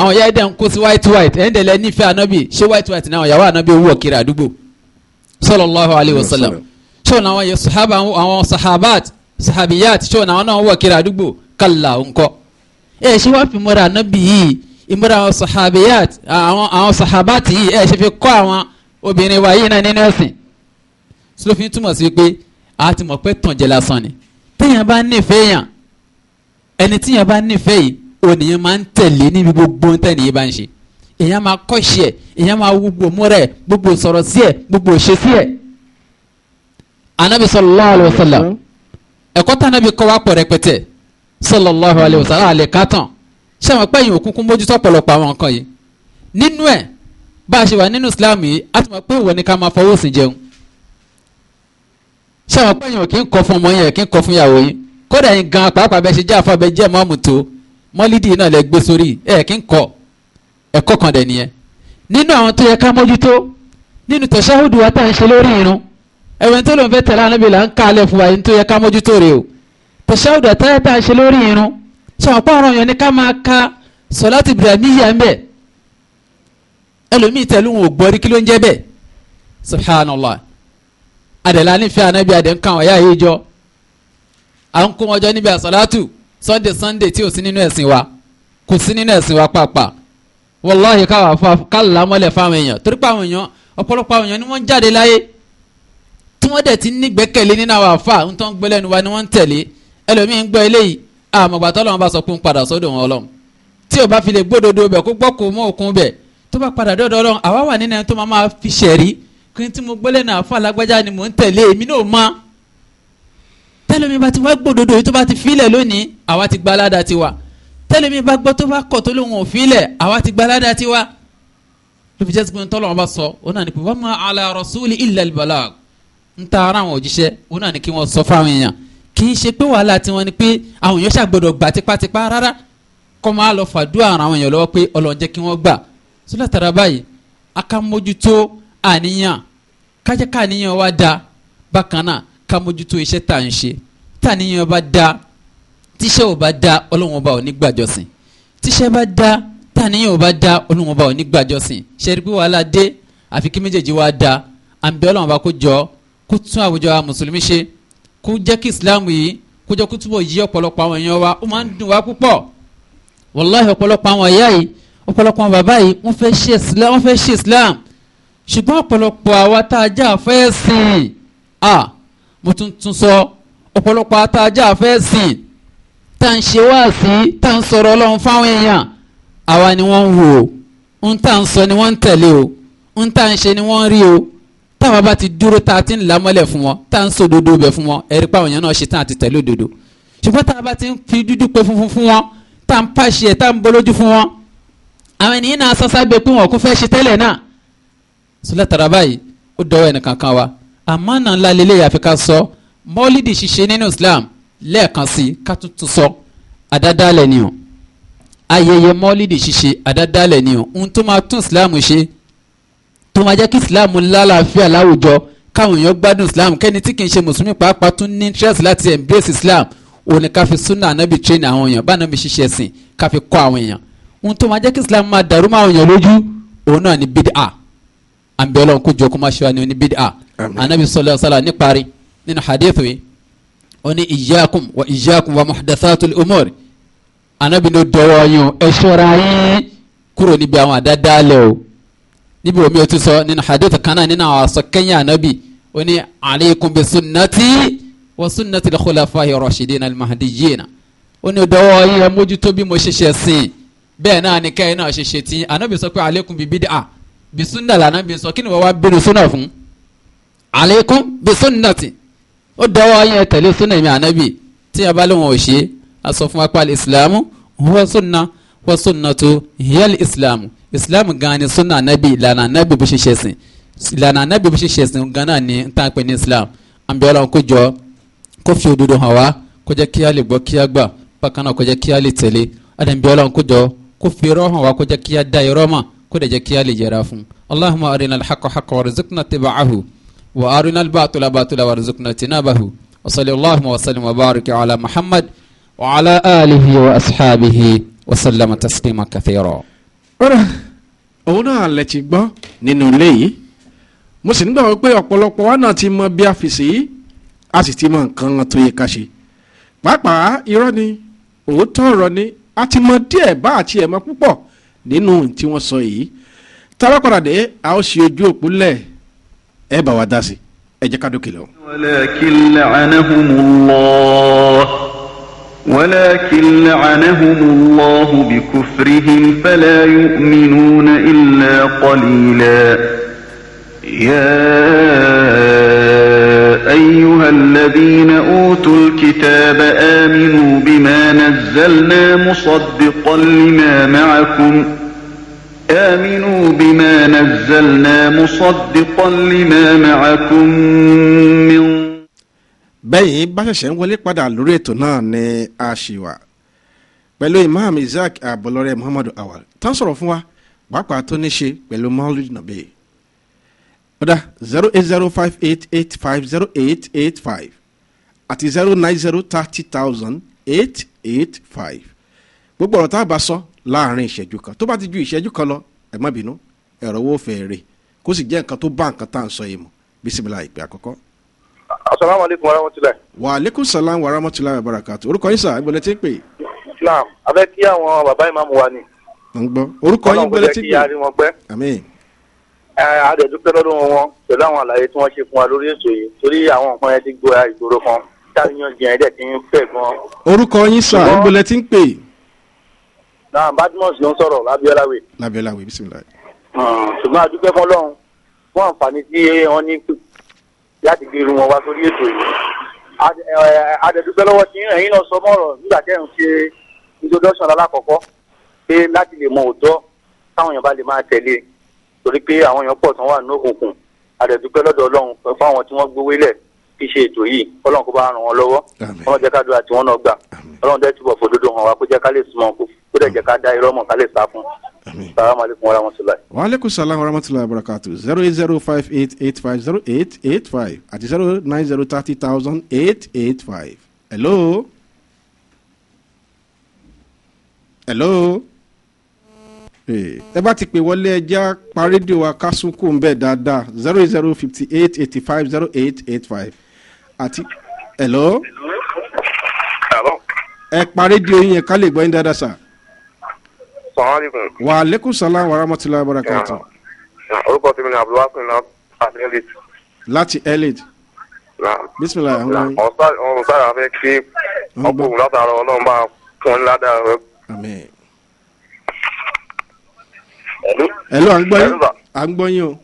àwọn ìyá ẹ̀dẹ̀ ń kó sí white white ẹ̀dẹ̀lẹ̀ nífẹ̀ẹ́ ànábì ṣé white white ni àwọn ìyàwó ànábì owó kiri àdúgbò sallallahu alayhi wa sallam ṣó na àwọn sahaba àwọn sahabat sahabiyat ṣó na àwọn náà wọ̀ kiri àdúgbò kàlà ńkọ ẹ ṣé wàá fi mọ́ra ànábì yìí ìmọ̀ra àwọn sahabiyat àwọn sahabat yìí obìnrin wa yìí náà nínú ẹ̀sìn sọ fi túmọ̀ sí pé a ti mọ̀ pé tànjẹ lásán ni téèyàn bá nífẹ̀ẹ́ yàn ẹni tíyàn bá nífẹ̀ẹ́ yìí ònìyàn máa ń tẹ̀lé níbi gbogbo ohun tẹ́nìyàn bá ń ṣe èèyàn máa kọ́ṣe ẹ̀ èèyàn máa gbogbo múra gbogbo sọ̀rọ̀ sí ẹ̀ gbogbo ṣe sí ẹ̀. anabi sallallahu alayhi wa sallam ẹ̀kọ́ tá anabi kọ́ wá pọ̀ rẹpẹtẹ sallallahu alayhi wa sallam àlè kátàn ṣàwọn pẹ́yìn òkúnkún mójútó ọ̀pọ̀lọpọ̀ àwọn nǹkan yìí nínú ẹ̀ bá a ṣe wà nínú islam yìí a ti mọ̀ pé ìwọ ni ká máa fọwọ́ sí jẹun ṣé àwọn pẹ̀yìn kì í kọ́ fún ọmọ yẹn kì í kọ́ fún ìyàwó yín kódà yín gan pàápàá bẹ́ẹ̀ ṣe jẹ́ àfa bẹ́ẹ̀ jẹ́ mọ́mù tó mọ́lídìí náà lẹ gbé sórí ẹ̀ kì í kọ́ ẹ̀kọ́ kan dẹ̀ nìyẹn nínú àwọn tó yẹ ká mójútó nínú tẹ̀síáhùdù wa tá à ń ṣe lórí irun ẹ̀wẹ̀n tó lóun fẹ́ tẹ̀lé anábì là ń ká alẹ́ fún wa yín tó yẹ ká mójútó rè o tẹ̀síáhùdù tá à ń ṣe lórí adela nífẹ̀ẹ́ anabi adẹ́nkan ọ̀yá yìí jọ à ń kó wọn níbi àsọ̀látù sunday sunday tí ò sí nínú ẹ̀sìn wa kò sí nínú ẹ̀sìn wa pàápàá wọláhì káwá fa kálá mọ́lẹ̀ fáwọn èèyàn torí pé àwọn èèyàn ọ̀pọ̀lọpọ̀ àwọn èèyàn ni wọ́n ń jáde láyé tí wọ́n dẹ̀ ti ní gbẹ́kẹ̀lé nínú àwọn àfa ń tán gbé lẹ́nu wa ni wọ́n ń tẹ̀lé ẹlòmíín ń gbọ́ eléyìí àmọ̀gbà tọ́lọ́ wọn bá sọ pé ń padà sọ́dọ̀ wọn ọlọ́run tí ò bá fi lè gbódodo bẹ̀ kó gbọ́ kó mọ́ òkun bẹ̀ tó bá padà dọ́dọ̀ ọlọ́run àwa wà nínú ẹni tó máa fi ṣẹ̀rí kí n tí mo gbọ́lẹ̀ náà fún alágbájá ni mò ń tẹ̀lé èmi náà mọ́ tẹ́lẹ̀mí bá ti wá gbòdodo yìí tó bá ti filẹ̀ lónìí àwa ti gba aládàá ti wa tẹ́lẹ̀mí bá gbọ́ tó bá kọ̀ tó lóun ò filẹ̀ àwa ti gba aládàá ti wa lóbi jẹ́ sẹ́gun tọ́lọ́ wọn bá sọ ó náà ní pé wọ́n máa ala rasuli illa albalag ń ta ara àwọn òjíṣẹ́ ó náà ní kí wọ́n sọ fáwọn èèyàn kì í ṣe pé wàhálà tiwọn ni pé àwọn èèyàn ṣàgbọ́dọ̀ gbà tipátipá rárá kọ́ máa lọ fàdúrà àwọn èèyàn lọ́wọ́ pé Ọlọ́run jẹ́ kí wọ́n gbà sólátara báyìí akamójútó àníyàn kájá káníyàn wa da bákan náà ká mójútó iṣẹ́ tá à ń ṣe táníyàn bá da tíṣẹ́ ò bá da ọlọ́run ọba ò ní gbàjọ́sìn tíṣẹ́ bá da táníyàn ò bá da ọlọ́run ọba ò ní gbàjọ́sìn ṣẹ́rí pé wàhálà dé àfi kí méjèèjì wa da àǹbí ọlọ́run ọba kó jọ kó tún àwùjọ mùsùlùmí ṣe kó jẹ́ kí ìsìláàmù yìí kó jọ kó túbọ̀ yí ọ̀pọ̀lọpọ̀ àwọn èèyàn wa ó máa ń dùn wá púpọ̀ wàláhì ọ̀pọ̀lọpọ̀ àwọn ìyá yìí ọ̀pọ̀lọpọ̀ àwọn bàbá yìí wọ́n fẹ́ ṣe islam ṣùgbọ́n ọ̀pọ̀lọpọ̀ àwa tá a já fẹ́ sìn à mo tún tún sọ ọ̀pọ̀lọpọ̀ àwa tá a já fẹ́ sìn tá n ṣe wá sí tá n sọ̀rọ̀ ọlọ́run fáwọn èèyàn àwa ni wọ́n ń wò ó ń tá n sọ ni wọ́n ń tẹ̀lé o ń tá n ṣe ni wọ́n ń rí o táwa bá ti dúró tá a ti ń lámọ́lẹ̀ fún wọn tá n sọ òdodo bẹ̀ fún wọn ẹ̀rí pàwọn èèyàn náà ṣe tán àti tẹ̀lé òdodo ṣùgbọ́n táwa bá ti ń fi dúdú pé funfun fún wọn tá n pàṣẹ tá n bolójú fún wọn àwọn ènìyàn náà sọ sábẹ́ pé wọn kò fẹ́ ṣe tẹ́lẹ̀ náà sílẹ̀ tara báyìí ó dọ̀wọ́ ẹnì kankan wa àmánà ńlá lélẹ̀ yàfi ká sọ mọ́lídì ṣíṣe nínú Islam lẹ́ẹ̀kan sí ká tuntun sọ àdádálẹ̀ ni o ayẹyẹ mọ́lídì ṣíṣe àdádálẹ̀ ni o ohun tó máa tún Islam ṣe tó máa jẹ́ kí Islam lálàáfíà láwùjọ káwọn èèyàn gbádùn Islam kẹ́ni tí kì í ṣe mùsùlùmí pàápàá tún ní interest láti embrace Islam òun ni ká fi sunna anabi train àwọn èèyàn báwọn mi ṣiṣẹ́ sìn ká fi kọ́ àwọn èèyàn ohun tó máa jẹ́ kí Islam máa dàrú máa àwọn èèyàn lójú òun náà ni bid'a an bẹ Ọlọ́run kó jọ kó má ṣe wa ní oníbídà anabi sallallahu alaihi wasallam ní parí nínú hadith yìí ó ní iyyakum wa iyyakum wa muhdathatul umur anabi ní dọwọ́ yín ẹ ṣọ́ra yín kúrò níbi àwọn àdádálẹ̀ o níbi omi o ti sọ nínú hadith kan náà nínú àwọn aṣọ kẹ́yìn anabi ó ní alaykum bi sunnati wa sunnati al-khulafa'i ar-rashidin al-mahdiyyin ó ní dọwọ́ yín ẹ mójútó bí mo ṣe ṣe sìn bẹ́ẹ̀ náà ni kẹ́yìn náà ṣe ṣe tí anabi sọ pé alaykum bi bid'a bisunna lànà bí sọ kí ni wọ́n wá bẹ̀rẹ̀ sunna fún aleikum bisunnati ó dọwọ́ yẹn tẹ̀lé sunna mi ànábì tí a bá lóun ò ṣe a sọ fún apá islamu huwa suna wa sunnatu hiyal islamu islamu gan ni sunna ànábì ìlànà ànábì bó ṣe ṣe sìn ìlànà ànábì bó ṣe ṣe ni n tàn pé ní islam àmì ọlọ́run kó jọ kó fi òdodo hàn wá kó jẹ́ kí a lè gbọ́ kí a gbà bákan náà kó jẹ́ kí a lè tẹ̀lé àdàbí ọlọ́run fi irọ́ hàn wá kó jẹ́ kí a dá irọ́ kó dẹ̀ jẹ́ kí a lè yẹra fún allahumma arina alhaqa haqa warizukna tibacahu wa arina albaatula baatula warizukna tinabahu wasali allahumma wasalim wa baarika cala muhammad wa cala aalihi wa asxaabihi wasalama taslima kathiira. ọ̀rọ̀ òun náà lè ti gbọ́ nínú ilé yìí mo sì nígbàgbọ́ pé ọ̀pọ̀lọpọ̀ wa náà ti mọ bí a fèsì yìí a sì ti mọ nǹkan tó yẹ ká ṣe pàápàá irọ́ ni òótọ́ ọ̀rọ̀ ni a ti mọ díẹ̀ bá àti ẹ̀ púpọ̀ nínú tí wọ́n sọ yìí tábàkọ̀rọ̀ dé a ó ṣe ojú òpó lẹ̀ ẹ bá wa dá sí ẹ jẹ́ ká dókè lọ. walakin la'anahumullah walakin la'anahumullah bi kufrihim fala yu'minuna illa qalila yaa. أيها الذين أوتوا الكتاب آمنوا بما نزلنا مصدقا لما معكم آمنوا بما نزلنا مصدقا لما معكم من bẹ́yìn bá ṣẹ̀ṣẹ̀ ń wọlé padà lórí ètò náà ni a ṣì wà pẹ̀lú imam isaac abọlọ́rẹ́ muhammadu awal tán sọ̀rọ̀ fún wa pàápàá tó ní ṣe pẹ̀lú maulid nabi ọ̀dà zero eight zero five eight eight five zero eight eight five àti zero nine zero thirty thousand eight eight five gbogbo ọ̀rọ̀ tá a bá sọ láàrin ìṣẹ́jú kan tó bá ti ju ìṣẹ́jú kan lọ ẹ má bínú ẹ̀rọ owó fẹ́ rè kó sì jẹ́ nǹkan tó bá nǹkan tá à ń sọ yìí mu bisimilá ìpè àkọ́kọ́. asalaamualeykum warahmatulahi. wa aleykum salaam wa rahmatulahi wa barakatu orúkọ yín sà ìgbọ̀lẹ̀ tí ń pè. islam abẹ́ kí àwọn bàbá ìmáàmù wa ni. ń gbọ́ orúkọ yín gbọ́lẹ̀ tí ń pè àdẹ̀dúpẹ́ lọ́dún wọn pẹ̀lú àwọn àlàyé tí wọ́n ṣe fún wa lórí ètò yìí torí àwọn nǹkan yẹn ti gbóra ìgboro kan táyọ̀n jẹ́ ẹ̀dẹ̀ tí ń fẹ̀ gan. orúkọ yín sà ń gbọ́lẹ̀ tí ń pè. náà badmus ló ń sọ̀rọ̀ lábíọ́láwé. lábíọ́láwé bisimilá. Hmm, ṣùgbọ́n àdúpẹ́ fún ọlọ́run fún àǹfààní tí wọ́n ní láti gbé irun wọn wá sórí ètò yìí. àdẹ̀dúpẹ́ lọ́wọ́ tí ẹ̀yin náà sọ mọ́rọ̀ nígbà tẹ́ ń ṣe introduction alákọ̀ọ́kọ́ pé láti lè mọ òótọ́ táwọn èèyàn bá lè máa tẹ̀lé e torí pé àwọn èèyàn pọ̀ tán wà ní òkùnkùn àdẹ̀dúpẹ́ lọ́dọ̀ ọlọ́run fáwọn tí wọ́n gbówé lẹ̀ fi ṣe ètò yìí ọlọ́run kó bá ràn wọ́n lọ́wọ́ ọlọ́run jẹ́ ká dúrà tí wọ́n náà gbà ọlọ́run dẹ́ túbọ̀ fòdodo hàn wá kó jẹ́ ká lè súnmọ́ kó dẹ̀ jẹ́ ká dá irọ́ mọ̀ ká lè sá fún salaam wa rahmatulahi. wa salaam wa rahmatulahi barakatu zero eight zero five eight eight five zero eight eight five àti zero nine zero thirty thousand eight eight five hello hello. ẹ bá ti pè wọlé ẹja pa rédíò wa ká sunkún ń bẹ̀ dáadáa zero zero fifty eight eighty five zero eight eight five àti hello. ẹ pa rédíò yín yẹn ká lè gbọ́ yín dáadáa sà. wa aleykum salaam wa rahmatulahi wa barakatu. orúkọ tèmi ni abdulwa sinna láti elite. láti elite. bisimilayi an gbọ́n. ọ̀sán ọ̀sán kí ọkùnrin látara ọlọ́run bá fún ládàá hello à ń gbọ́ yín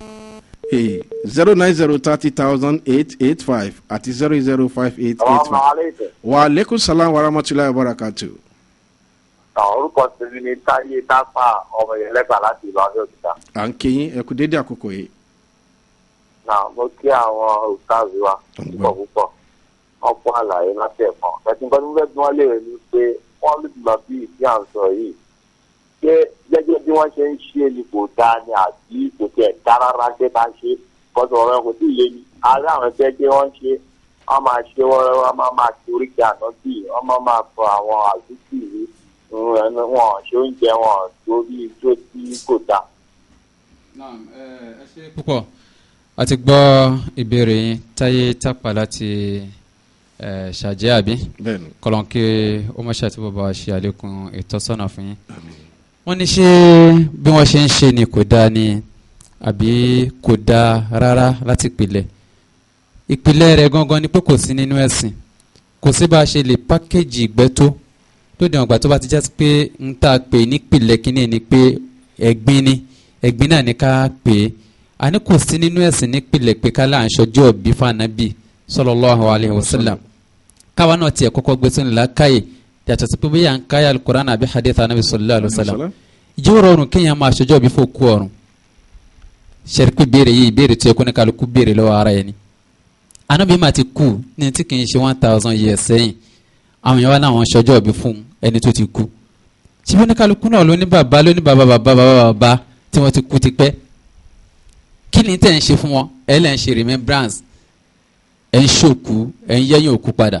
à ń àti zero wa aleykum salaam wa rahmatulahi wa barakatu. orúkọ tèmi ni táyé dápà ọmọ ìrẹ́gbà láti ìlú abẹ́òkúta. à ń kéyìn ẹkú dédé àkókò yìí. mo kí àwọn wa púpọ̀ púpọ̀ àlàyé láti ẹ̀sìn bí wọ́n lè pé wọ́n lè bí ṣé gẹ́gẹ́ bí wọ́n ṣe ń ṣe ni kò dáa ni àbí kò tẹ̀ dára rárá ṣe bá ṣe kọ́sọ̀ ọ̀rọ̀ kò tí ì lé ní alẹ́ àwọn ẹgbẹ́ gbé wọ́n ṣe wọ́n máa ṣe wọ́n wọ́n máa máa ṣe oríkì ànábì wọ́n máa máa fọ àwọn àdúgbò ìwé wọn ṣe oúnjẹ wọn lórí ijó tí kò dáa. ẹ ṣe púpọ̀ a ti gbọ́ ìbéèrè yín táyé tápà láti ṣàjẹ́ àbí kọlọ́nkì ó mọ̀ ṣàtìbọ̀ bá ṣe àlékún ìtọ́sọ́nà fún yín. àmín wọ́n ní ṣé bí wọ́n ṣe ń ṣe ni kò dáa ni àbí kò dáa rárá láti ìpìlẹ̀ ìpìlẹ̀ rẹ̀ gangan ni pé kò sí nínú ẹ̀sìn kò sí bá a ṣe lè pákéjì ìgbẹ́ tó tó dìwọ̀n ìgbà tó bá ti jásí pé ń tá a pè nípìlẹ̀ kínní ni pé ẹ̀gbin ni ẹ̀gbin náà ni ká pè é àní kò sí nínú ẹ̀sìn nípìlẹ̀ pé ká láà ń ṣọjọ́ òbí fún ànábì sallallahu alaihi wasallam káwa náà tiẹ̀ kọ́kọ́ gbé sínú làákàyè yàtọ̀ sí pé bóyá n káyà alukur'an àbí hadith anabi sallallahu alayhi wa sallam jíwòrò ọrùn kéèyàn máa ṣojú ọbí fò kú ọrùn sẹ́ríkì béèrè yìí béèrè tó yẹ kó ní kálukú béèrè lọ́wọ́ ara yẹn ni anabi máa ti kú ní tí kì í ṣe one thousand years sẹ́yìn àwọn yẹn wá náà wọ́n ṣojú ọbí fún ẹni tó ti kú ṣé bí oníkálukú náà ló ní bàbá ló ní bàbá bàbá bàbá bàbá tí wọ́n ti kú ti pẹ́ kí ni tẹ̀ ń ṣe fún wọn ẹ̀ lẹ́ ń ṣe remembrance ẹ̀ ń ṣòkú ẹ̀ ń yẹ́yìn òkú padà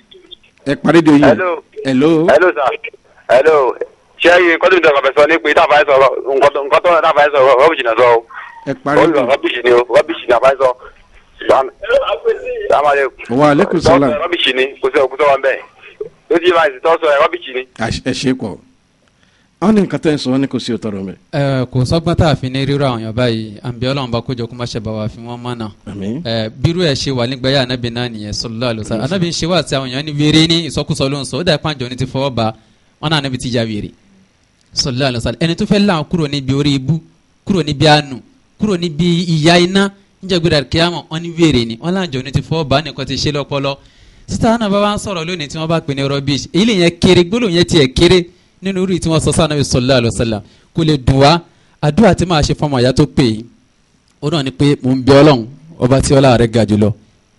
ẹ parí de yín. hello. hello sir. hello. ṣé iye kọ́tù ìjọba bẹ̀ sọ ní pé tá a fà sọ nǹkan tó náà fà sọ rọ́bìṣì náà sọ o. ẹ parí de. rọ́bìṣì ni o rọ́bìṣì náà fà sọ. salaamaleykum. wa aleykum salaam. rọ́bìṣì ni kò sí ọkùnrin tó wà ń bẹ̀. ló ti yẹ báyìí sọ rọ́bìṣì ni. ẹ ṣe pọ̀ an ni kata in sɔn ni ko si o ta dɔn bɛ. ɛɛ kò sɔgbɔn t'a fi ni rírọ àwọn yaba yìí an bɛ Ọlọ́run ba ko jọ kuma sɛba wa fi wọn ma na. ɛɛ biiru yɛ sewa ni gbɛya anabi naani yɛ sɔlɔlɔ alo sa anabi sewa ti àwọn yɛn ni wéere ni ìsɔkusɔlɔ sɔ o da pan jɔ ni ti fɔ ba wọn na anabi ti ja wéere sɔlɔlɔ alo sa ẹni tó fẹ́ lan kúrò ní bi orí ibu kúrò ní bi anu kúrò ní bi ìyá iná njẹgbẹrẹ kíámọ wọn ni wéere ni wọn lan jɔ ni ti fɔ ba nìkan ti se lɔpɔlɔ sisan anaba wa sọ̀rọ̀ lónìí tí wọn bá pè nínú orí tí wọ́n sọ sáà nàbí sallallahu alaihi wasallam kó lè dùn wá àdúrà tí màá ṣe fún ọmọ àyà tó pè é ó náà ni pé mò ń bẹ ọlọ́run ọba tí ọlá rẹ̀ ga jùlọ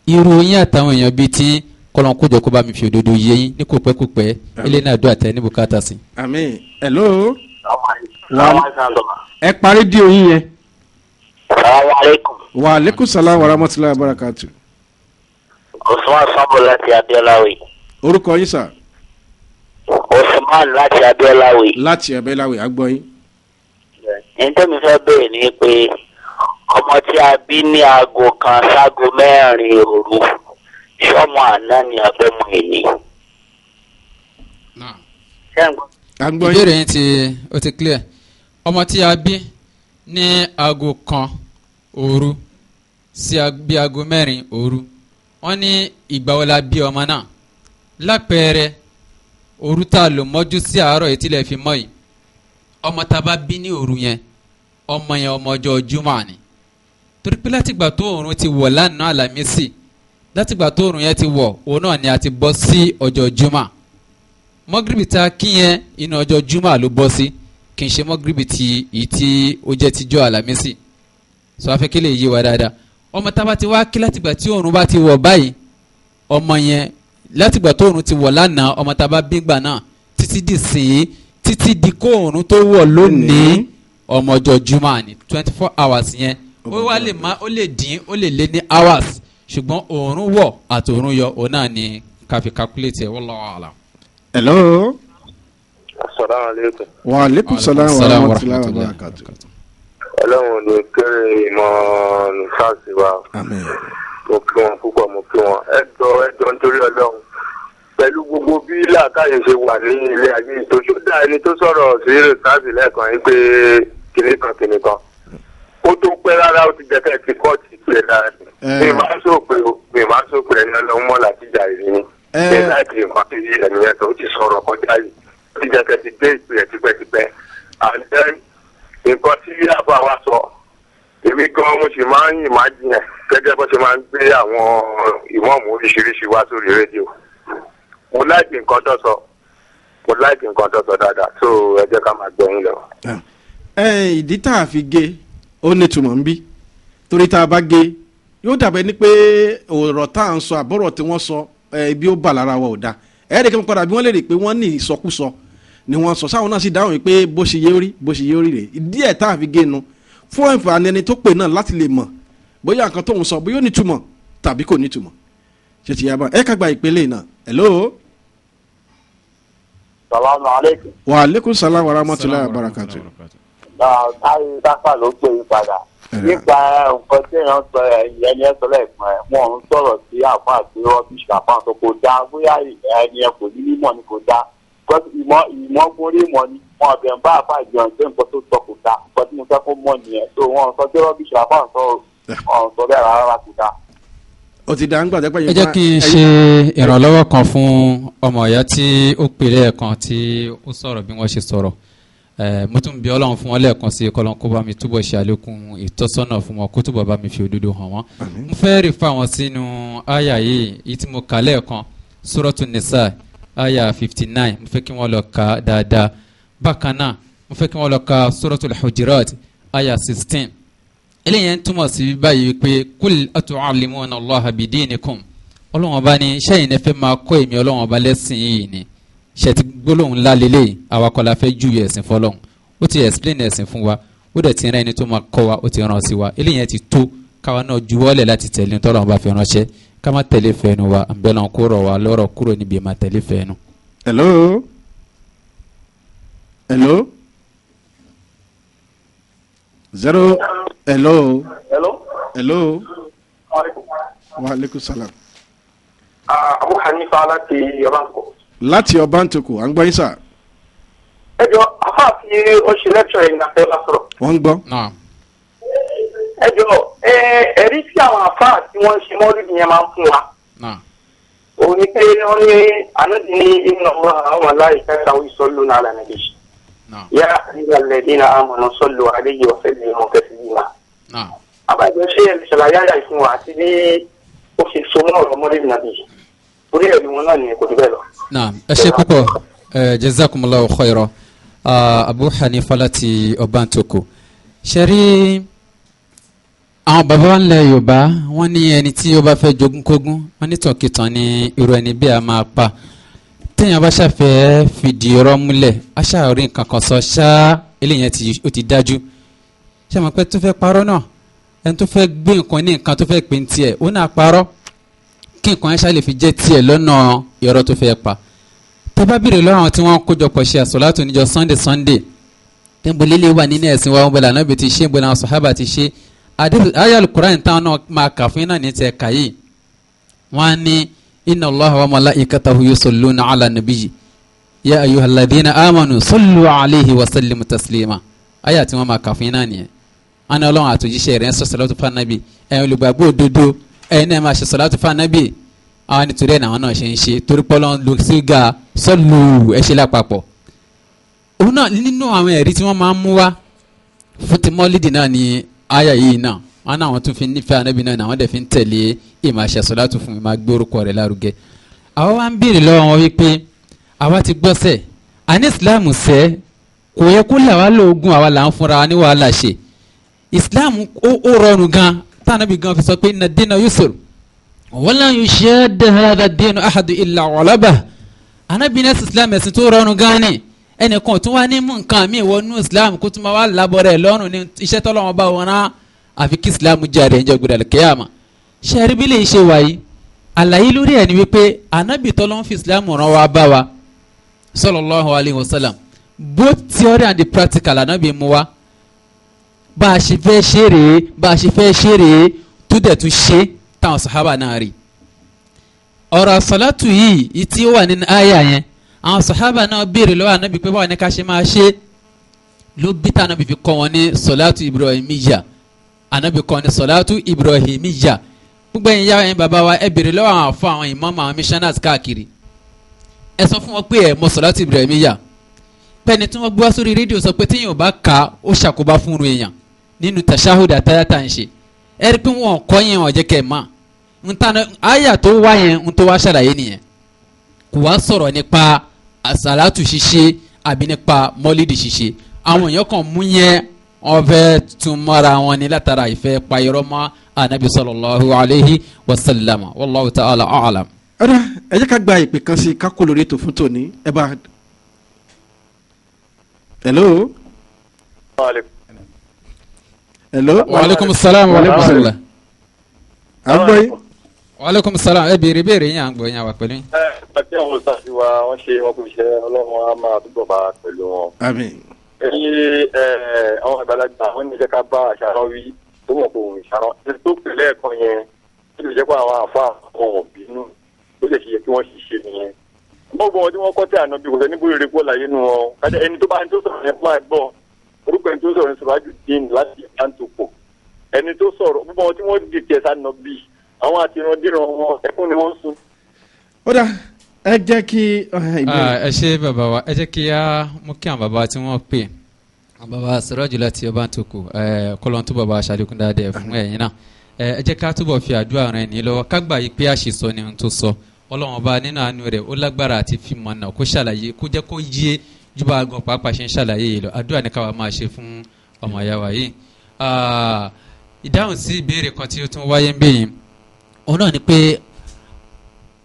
ìròyìn àtàwọn èèyàn bíi tí kọlọ́n kójọ kó bá mi fi òdodo yé yín ní kòpẹ́kòpẹ́ ilé náà àdúrà tẹ ní bùkátà sí. àmín hello ẹ parí di oyin yẹn. salaamaleykum. wa aleykum salaam wa rahmatulahi wa barakatu. usman sambo láti adéọláwì. orúkọ yín sà. Osman láti Abẹ́láwé. láti Abẹ́láwé àgbọ̀ yín. ntẹ́mi fẹ́ bẹ̀rẹ̀ ni pé ọmọ tí a bí ní aago kan ságo mẹ́rin òru sọ́mọ àná ni abẹ́mọ èmi. ìbéèrè yín ti ó ti clear ọmọ tí a bí ní aago kan òru sí bí aago mẹ́rin òru wọ́n ní ìgbà wo la bí ọmọ náà lápẹẹrẹ òru tá a lò mọ́jú sí àárọ̀ yìí tilẹ̀ fi mọ́ yìí ọmọ tá a bá bí ní òru yẹn ọmọ yẹn ọmọ ọjọ́ júmọ̀ ni torí pé látìgbà tó òòrùn ti wọ̀ lánàá àlàmísì látìgbà tó òòrùn yẹn ti wọ̀ òun náà ni a ti bọ́ sí ọjọ́ júmọ̀ mọ́gìrìbì tá kí yẹn inú ọjọ́ júmọ̀ ló bọ́ sí kì í ṣe mọ́gìrìbì ti èyí tí ó jẹ́ tijọ́ àlàmísì sọ afẹ́kẹ́lẹ́ yìí wá dáadáa ọmọ tá a bá ti wá kí látìgbà tí òòrùn bá ti wọ̀ báyìí ọmọ yẹn látìgbà tó òòrùn ti wọ̀ lánàá ọmọ tá a bá bí gbà náà títí di sìn títí di kó òòrùn tó wọ̀ lónìí ọmọ ọjọ́ juma ni twenty four hours yẹn ó wá lè má ó lè dín ó lè lé ní hours ṣùgbọ́n òòrùn wọ̀ àti òòrùn yọ òun náà ni káfí calculate ẹ̀ wallahu alam. hello. asalaamualeykum. wa aleykum salaam wa rahmatulahi wa barakatu. ọlọ́run ló kéré ìmọ̀ nìfàsí wa. mo kí wọn púpọ̀ mo kí wọn ẹ jọ ẹ jọ nítorí ọ táyé ṣe wà ní ilé ayé ìtọ́jú dá ẹni tó sọ̀rọ̀ sí rìsáàsì lẹ́ẹ̀kan yìí pé kìnìún kan kìnìún kan ó tó pẹ́ rárá ó ti jẹ́ kẹ́ ẹ ti kọ́ọ̀tì pé dára ni mi máa ń sọ pé mi máa ń sọ pé ẹni ọlọ́run mọ́ láti jà ìrìn ni ní láti nǹkan ti rí ẹni yẹn tó ti sọ̀rọ̀ kọjá yìí ó ti jẹ́ kẹ́ ti dé ìpìlẹ̀ tipẹ́tipẹ́ and then nǹkan tí àbá wa sọ èmi gan mo sì máa ń yìn máa jiyàn gẹ́gẹ́ bó ṣe máa ń gbé àwọn ìmọ̀ọ́mù oríṣiríṣi wá sórí rédíò mo láìpẹ́ nǹkan tó sọ mo láìpẹ́ nǹkan tó sọ dáadáa so ẹ jẹ́ ká máa gbẹ̀yìn lọ. ẹ ìdí tá a fi gé ó nítumọ̀ ń bí torí tá a bá gé yóò dàbẹ́ ni pé ọ̀rọ̀ tá à ń sọ àbọ̀rọ̀ tí wọ́n sọ ibi ó bà lára wa ò da ẹ̀ẹ́dẹ̀ kí wọ́n padà bí wọ́n lè rí i pé wọ́n ní ìsọkúsọ ni wọ́n sọ sáwọn náà sì dáhùn pé bó ṣe yé orí bó ṣe yé orí rè díẹ̀ tá a fi gé nu fún àǹfààní ẹni tó pè náà láti lè mọ̀ bóyá nǹkan tóun sọ bóyá ó nítumọ̀ tàbí kò nítumọ̀ ṣe ti yá bá ẹ náà hello salamu aleykum. wa aleykum salaam wa rahmatulahi wa barakatu. táyé dáfà ló gbé yín padà eh. nípa eh, nǹkan tí èèyàn sọ eh, ẹ̀yìn ẹni ẹ sọ lẹ́ẹ̀kan ẹ̀ wọ́n ń sọ̀rọ̀ sí àfáà àti rọ́bìṣì àfáà tó kò dáa bóyá ẹni ẹ kò ní mímọ̀ ni kò dáa ìmọ̀ ìmọ̀ borí ìmọ̀ ni wọn ọ̀bẹ̀ ń bá àfáà ìjọ ìjọ nǹkan tó sọ kò dáa nǹkan tí mo fẹ́ kó mọ̀ nìyẹn tó wọn sọ jẹ́ rọ́bìṣì àfáà sọ ọ̀sọ̀ bẹ́ẹ̀ rárá kò dáa ó ti dáńgbà tẹ́pẹ́ yìí. ẹ jẹ́ kí n ṣe ìrànlọ́wọ́ kan fún ọmọ ìyá tí ó pèrè ẹ̀kan tí ó sọ̀rọ̀ bí wọ́n ṣe sọ̀rọ̀ mo tún bí ọlọ́run fún wọn lẹ́ẹ̀kan sí kọ́lọ́n kó bá mi túbọ̀ ṣe àlékún ìtọ́sọ́nà fún wọn kó túbọ̀ bá mi fi òdodo hàn wọ́n. mo fẹ́ rí fa wọn sínú àyà yìí èyí tí mo kà lẹ́ẹ̀kan sórọ́tún nìsa àyà fifty nine mo fẹ́ kí wọ́n lọ ka dáadáa bákan náà mo fẹ́ kí wọ́n lọ ka sórọ́tún hujurat àyà sixteen eléyẹn túmọ̀ sí báyìí pé kúl atu'allimuna Allaha bidinikum ọlọ́wọ́n ọba ni sẹ́yìn ẹ fẹ́ máa kọ́ èmi ọlọ́wọ́n ọba lẹ́sìn yìí ni ṣètì gbólóhùn ńlá lélẹ̀ awakọ̀lá fẹ́ júwe ẹ̀sìn fọlọ́hún ó ti explain ẹ̀sìn fún wa ó dẹ̀ ti rán ẹni tó máa kọ́ wa ó ti rán sí wa eléyẹn ti tó káwa náà juwọ́lẹ̀ láti tẹ̀lé zero hello. hello. hello. wa aleykum salaam. Ah, Abu Hanifa láti Ọbántòkò. láti Ọbántòkò à ń gbọ́ yín sà. ẹ jọ afa fi oṣù lẹ́tọ̀ yìí nàfẹ́ bá sọ̀rọ̀. wọ́n ń gbọ́. ẹ jọ ẹ̀rí tí àwọn afa tí wọ́n ń ṣe mọ́rìdì yẹn máa ń fún wa. òun ni pé wọ́n ní àná dín ní ìnáwó àwọn aláìsẹ́ ìsọ̀lù náà lànà lè yá àyíkalẹ̀ dínà àmọ̀nà sọ́lù àlẹ́yìn ọ̀fẹ́ lè mọ̀ kẹsì yìí wa. àbájọ ṣé ẹ ṣàlàyé àyà ìfún wa àti bí ó ṣe so mọ́ ọ̀rọ̀ mọ́lẹ́ nàbí orí ẹ̀rí wọn náà nìyẹn kò jù bẹ́ẹ̀ lọ. ẹ ṣe púpọ̀ jazakumullahu khairan Abu Hanifa láti Ọbántòkò ṣẹ́rí àwọn baba wa Yorùbá wọ́n ní ẹni tí ó bá jogún kógún wọ́n ní tọ̀kìtàn ní irú ẹni bí a máa pa téèyàn bá ṣàfẹ́ fìdí ọ̀rọ̀ múlẹ̀ aṣáárín kankan sọ ṣáá eléyìí ti ó ti dájú ṣé àwọn pẹ́ tó fẹ́ parọ́ náà ẹni tó fẹ́ gbé nǹkan ní nǹkan tó fẹ́ pè ń tiẹ̀ ó náà parọ́ kí nǹkan ẹ̀ ṣáà fi jẹ́ tiẹ̀ lọ́nà ọ̀rọ̀ tó fẹ́ pa tó bá béèrè lọ́wọ́ àwọn tí wọ́n kó jọpọ̀ ṣe àsọ̀látò níjọ sunday sunday níbo líle wà nínú ẹ̀sìn wa wọn bọ̀lá náà bí ti ṣe bọ̀lá àwọn sàhábà ti ṣe àyá inna allah wa malaikatahu yusalluna ala nabiyyi ya ayyuha alladhina amanu sallu alayhi wa sallimu taslima aya tí wọ́n máa kà fún yín náà nìyẹn ana ọlọ́run àtòjíṣẹ́ rẹ̀ ń sọ sọlá tó fa nábì ẹ̀yin olùgbàgbọ́ òdodo ẹ̀yin náà máa ṣe sọlá tó fa nábì àwọn nítorí ẹ̀ náà náà ṣe ń ṣe torí pọ́lọ́ ń lo síga sọ́lù ẹ̀ṣẹ̀ lápapọ̀ òun náà nínú àwọn ẹ̀rí tí wọ́n máa ń mú wá fún ti mọ́lídì náà ni aya yìí náà Ana náà wọn tún fi nífẹ̀ẹ́ anabi náà àwọn dẹ̀ fi ń tẹ̀lé ìmọ̀ àṣẹ sọ́látù fún mi máa gbé orúkọ rẹ̀ lárugẹ. àwa wá ń béèrè lọ́wọ́ wọn wípé àwa ti gbọ́sẹ̀ àní islam sẹ́ kò yẹ kó làwa lóògùn àwa là ń fúnra wa ní wàhálà ṣe islam ó rọrùn gan tànàbí gan fi sọ pé inna dina yusur wala yushadda hadha dina ahadu illa ghalaba anabi náà islam ẹ̀sìn tó rọrùn gan ni ẹnìkan tún wá ní mú nǹkan mi wọnú islam kó tún máa wá lábọ̀ rẹ̀ lọ́rùn ní iṣẹ́ tọ́lọ́wọ́n bá wọn rán àfi kí islam jáde ẹ̀jẹ̀ gbọdọ̀ alikiyama sẹ́rí bí lè ṣe wáyé àlàyé lórí ẹ̀ ni wípé anabi tọ́lọ́n fi islam rán wa bá wa sallallahu alayhi wa sallam both theory and the practical anabi mú wa bá a ṣe fẹ́ ṣe rèé bá a ṣe fẹ́ ṣe rèé tó dẹ̀ tún ṣe táwọn sàhábà náà rí ọ̀rọ̀ sọ̀látù yìí tí ó wà nínú àyà yẹn àwọn sàhábà náà béèrè lọ́wọ́ anabi pé báwo ni ká ṣe máa ṣe ló bí táwọn fi kọ́ wọn ní sọ̀látù ibrahimiya anabi kọ́ni sọ̀látù ibrahimiya gbogbo ẹ̀yin yá ẹ̀yin bàbá wa ẹ bèrè lọ́wọ́ àwọn afọ àwọn ìmáàmù àwọn missionaries káàkiri ẹ sọ fún wọn pé ẹ mọ sọ̀látù ibrahimiya pẹ́ni tí wọ́n gbọ́ sórí rédíò sọ pé téèyàn bá ka ó ṣàkóbá fún un èèyàn nínú tàṣáhùdà táyàtà ń ṣe ẹ rí i pé wọn kọ́ yẹn wọn jẹ́ kẹ́ ẹ mọ̀ ntana àyà tó wá yẹn ń tó wá ṣàlàyé nìyẹn kò wá sọ̀rọ̀ nípa àsàlátù ṣíṣe àbí nípa mọ́lídì ṣíṣe àwọn èèyàn kan mú yẹn wọn fẹ́ tún mọ́ra wọn ni látara ìfẹ́ payọrọ mọ́ anabi sallallahu alayhi wa sallam wallahu ta'ala a'lam. ọ̀rẹ́ ẹ jẹ́ ká gba ìpè kan sí i ká kó lórí ètò fún tòní ẹ bá. hello. hello. waaleykum salaam wa rahmatulah. a gbọ́ yín. waaleykum salaam ẹ béèrè béèrè yín à ń gbọ́ yín àwa pẹ̀lú yín. ẹ àti àwọn olùsàfihàn wọn ṣe wọn kò ṣe ọlọ́run á máa túbọ̀ bá pẹ̀lú wọn. àmín ẹyin àwọn àgbàlagbà wọn ní ìjẹka bá àṣàrọ wí tó mọ̀ kò ìṣàrọ ẹni tó pèlè ẹ̀kọ́ yẹn tó lè jẹ́ pé àwọn àfa ọ̀hún bínú tó lè ṣe kí wọ́n ṣiṣẹ́ nìyẹn. gbọ́n bọ́n tí wọ́n kọ́ tẹ àná bí kò sẹ́ni bóyá rẹ̀ kúrò láyé nu wọn kájà ẹni tó bá ń tó sọ̀rọ̀ yẹn fúnra ẹ̀ orúkọ ẹni tó sọ̀rọ̀ yẹn sọ̀rọ̀ àjùdín láti àǹtòpọ̀ ẹni tó sọ̀rọ̀ gbọ́n tí wọ́n dìtẹ̀ sánà bí àwọn àtìrandíran wọn ẹkún ni wọ́n sùn. ó dáa ẹ jẹ́ kí. ẹ ah, ṣe bàbá wa ẹ jẹ́ kí á mú kí àwọn bàbá tí wọ́n pè bàbá sọ́rọ́jù láti ọba tó kù kọ́lọ́n tó bàbá aṣàlékún dáadáa fún ẹ̀yin náà ẹ jẹ́ ká túbọ̀ fi àdúrà rẹ̀ ní lọ́wọ́ kágbà yìí pé àṣìsọ ni ohun tó sọ ọlọ́run ọba nínú àánú rẹ̀ ó lágbára àti fi mọ̀nà kó ṣàlàyé kó jẹ́ kó yé jùbọ́ àgàn pàápàá ṣe ń ṣàlàyé yìí lọ àdúrà ní káwa máa ṣe fún ọmọ ìyá wa yìí. Ah, ìdáhùn sí ìbéèrè kan tí ó tún wáyé ń bẹ̀yìn òun náà ni pé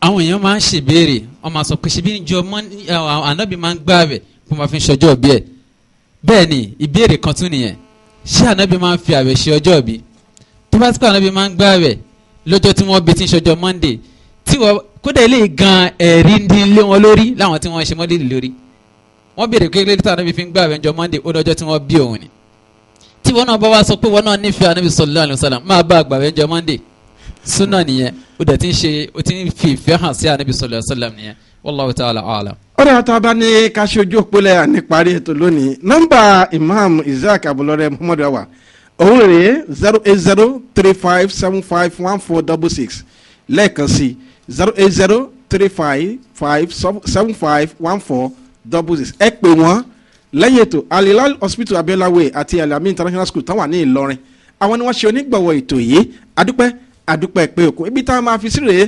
àwọn èèyàn máa ń ṣèbéèrè wọ́n máa sọ ń jọ eh, ànábì máa ń gbààwẹ̀ kó máa fi ṣọjọ́ bí ẹ̀ bẹ́ẹ̀ ni ìbéèrè kan tún nìyẹn ṣé ànábì máa ń fi àwẹ̀ ṣe ọjọ́ bí tó bá ti kọ́ ànábì máa ń gbààwẹ̀ lọ́jọ́ tí wọ́n bí ti ń ṣọjọ́ Monday tí wọ́n kódà ilé gan ẹ̀rí ń dín lé wọn lórí láwọn tí wọ́n ṣe mọ́lẹ́lì lórí wọ́n béèrè pé lẹ́tà ànábì fi ń gbààwẹ̀ ọjọ́ Monday ó lọ́jọ́ tí wọ́n bí òun ni tí wọ́n náà bá wá sọ pé wọ́n náà nífẹ̀ẹ́ ànábì sallallahu alaihi wasallam máa bá Monday sunna nìyẹn ó dẹ̀ ti ń ṣe ó ti ń fi ìfẹ́ hàn sí anabi sallallahu alaihi wasallam nìyẹn wallahu ta'ala a'lam. ó rẹ̀ tó a bá ní ká ṣojú òpólẹ̀ àníparí ètò lónìí nọ́mbà imam isaac abulọ́rẹ́ muhammadu awa òun rèé zero eight zero three five seven five one four double six lẹ́ẹ̀kan sí zero eight zero three five five seven five one four double six ẹ pè wọ́n lẹ́yìn ètò alilal hospital abiolawe àti alami international school táwọn ní ìlọrin àwọn ni wọ́n ṣe onígbọ̀wọ́ ètò yìí adúpẹ́ àdúpẹ́ pé òkun ibi táwọn máa fi sí rèé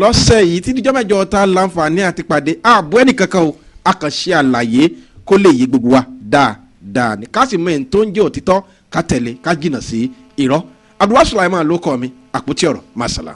lọ́sẹ̀ yìí tí ìjọba ìjọ ta láǹfààní àti pàdé ààbò ẹnìkankan o àkànṣe àlàyé kó lè yé gbogbo wa dáadáa ní ká sì mọ èyí tó ń jẹ́ òtítọ́ ká tẹ̀lé ká jìnnà sí irọ́ abdulwasi sulaiman ló kọ́ mi àpótí ọ̀rọ̀ masala.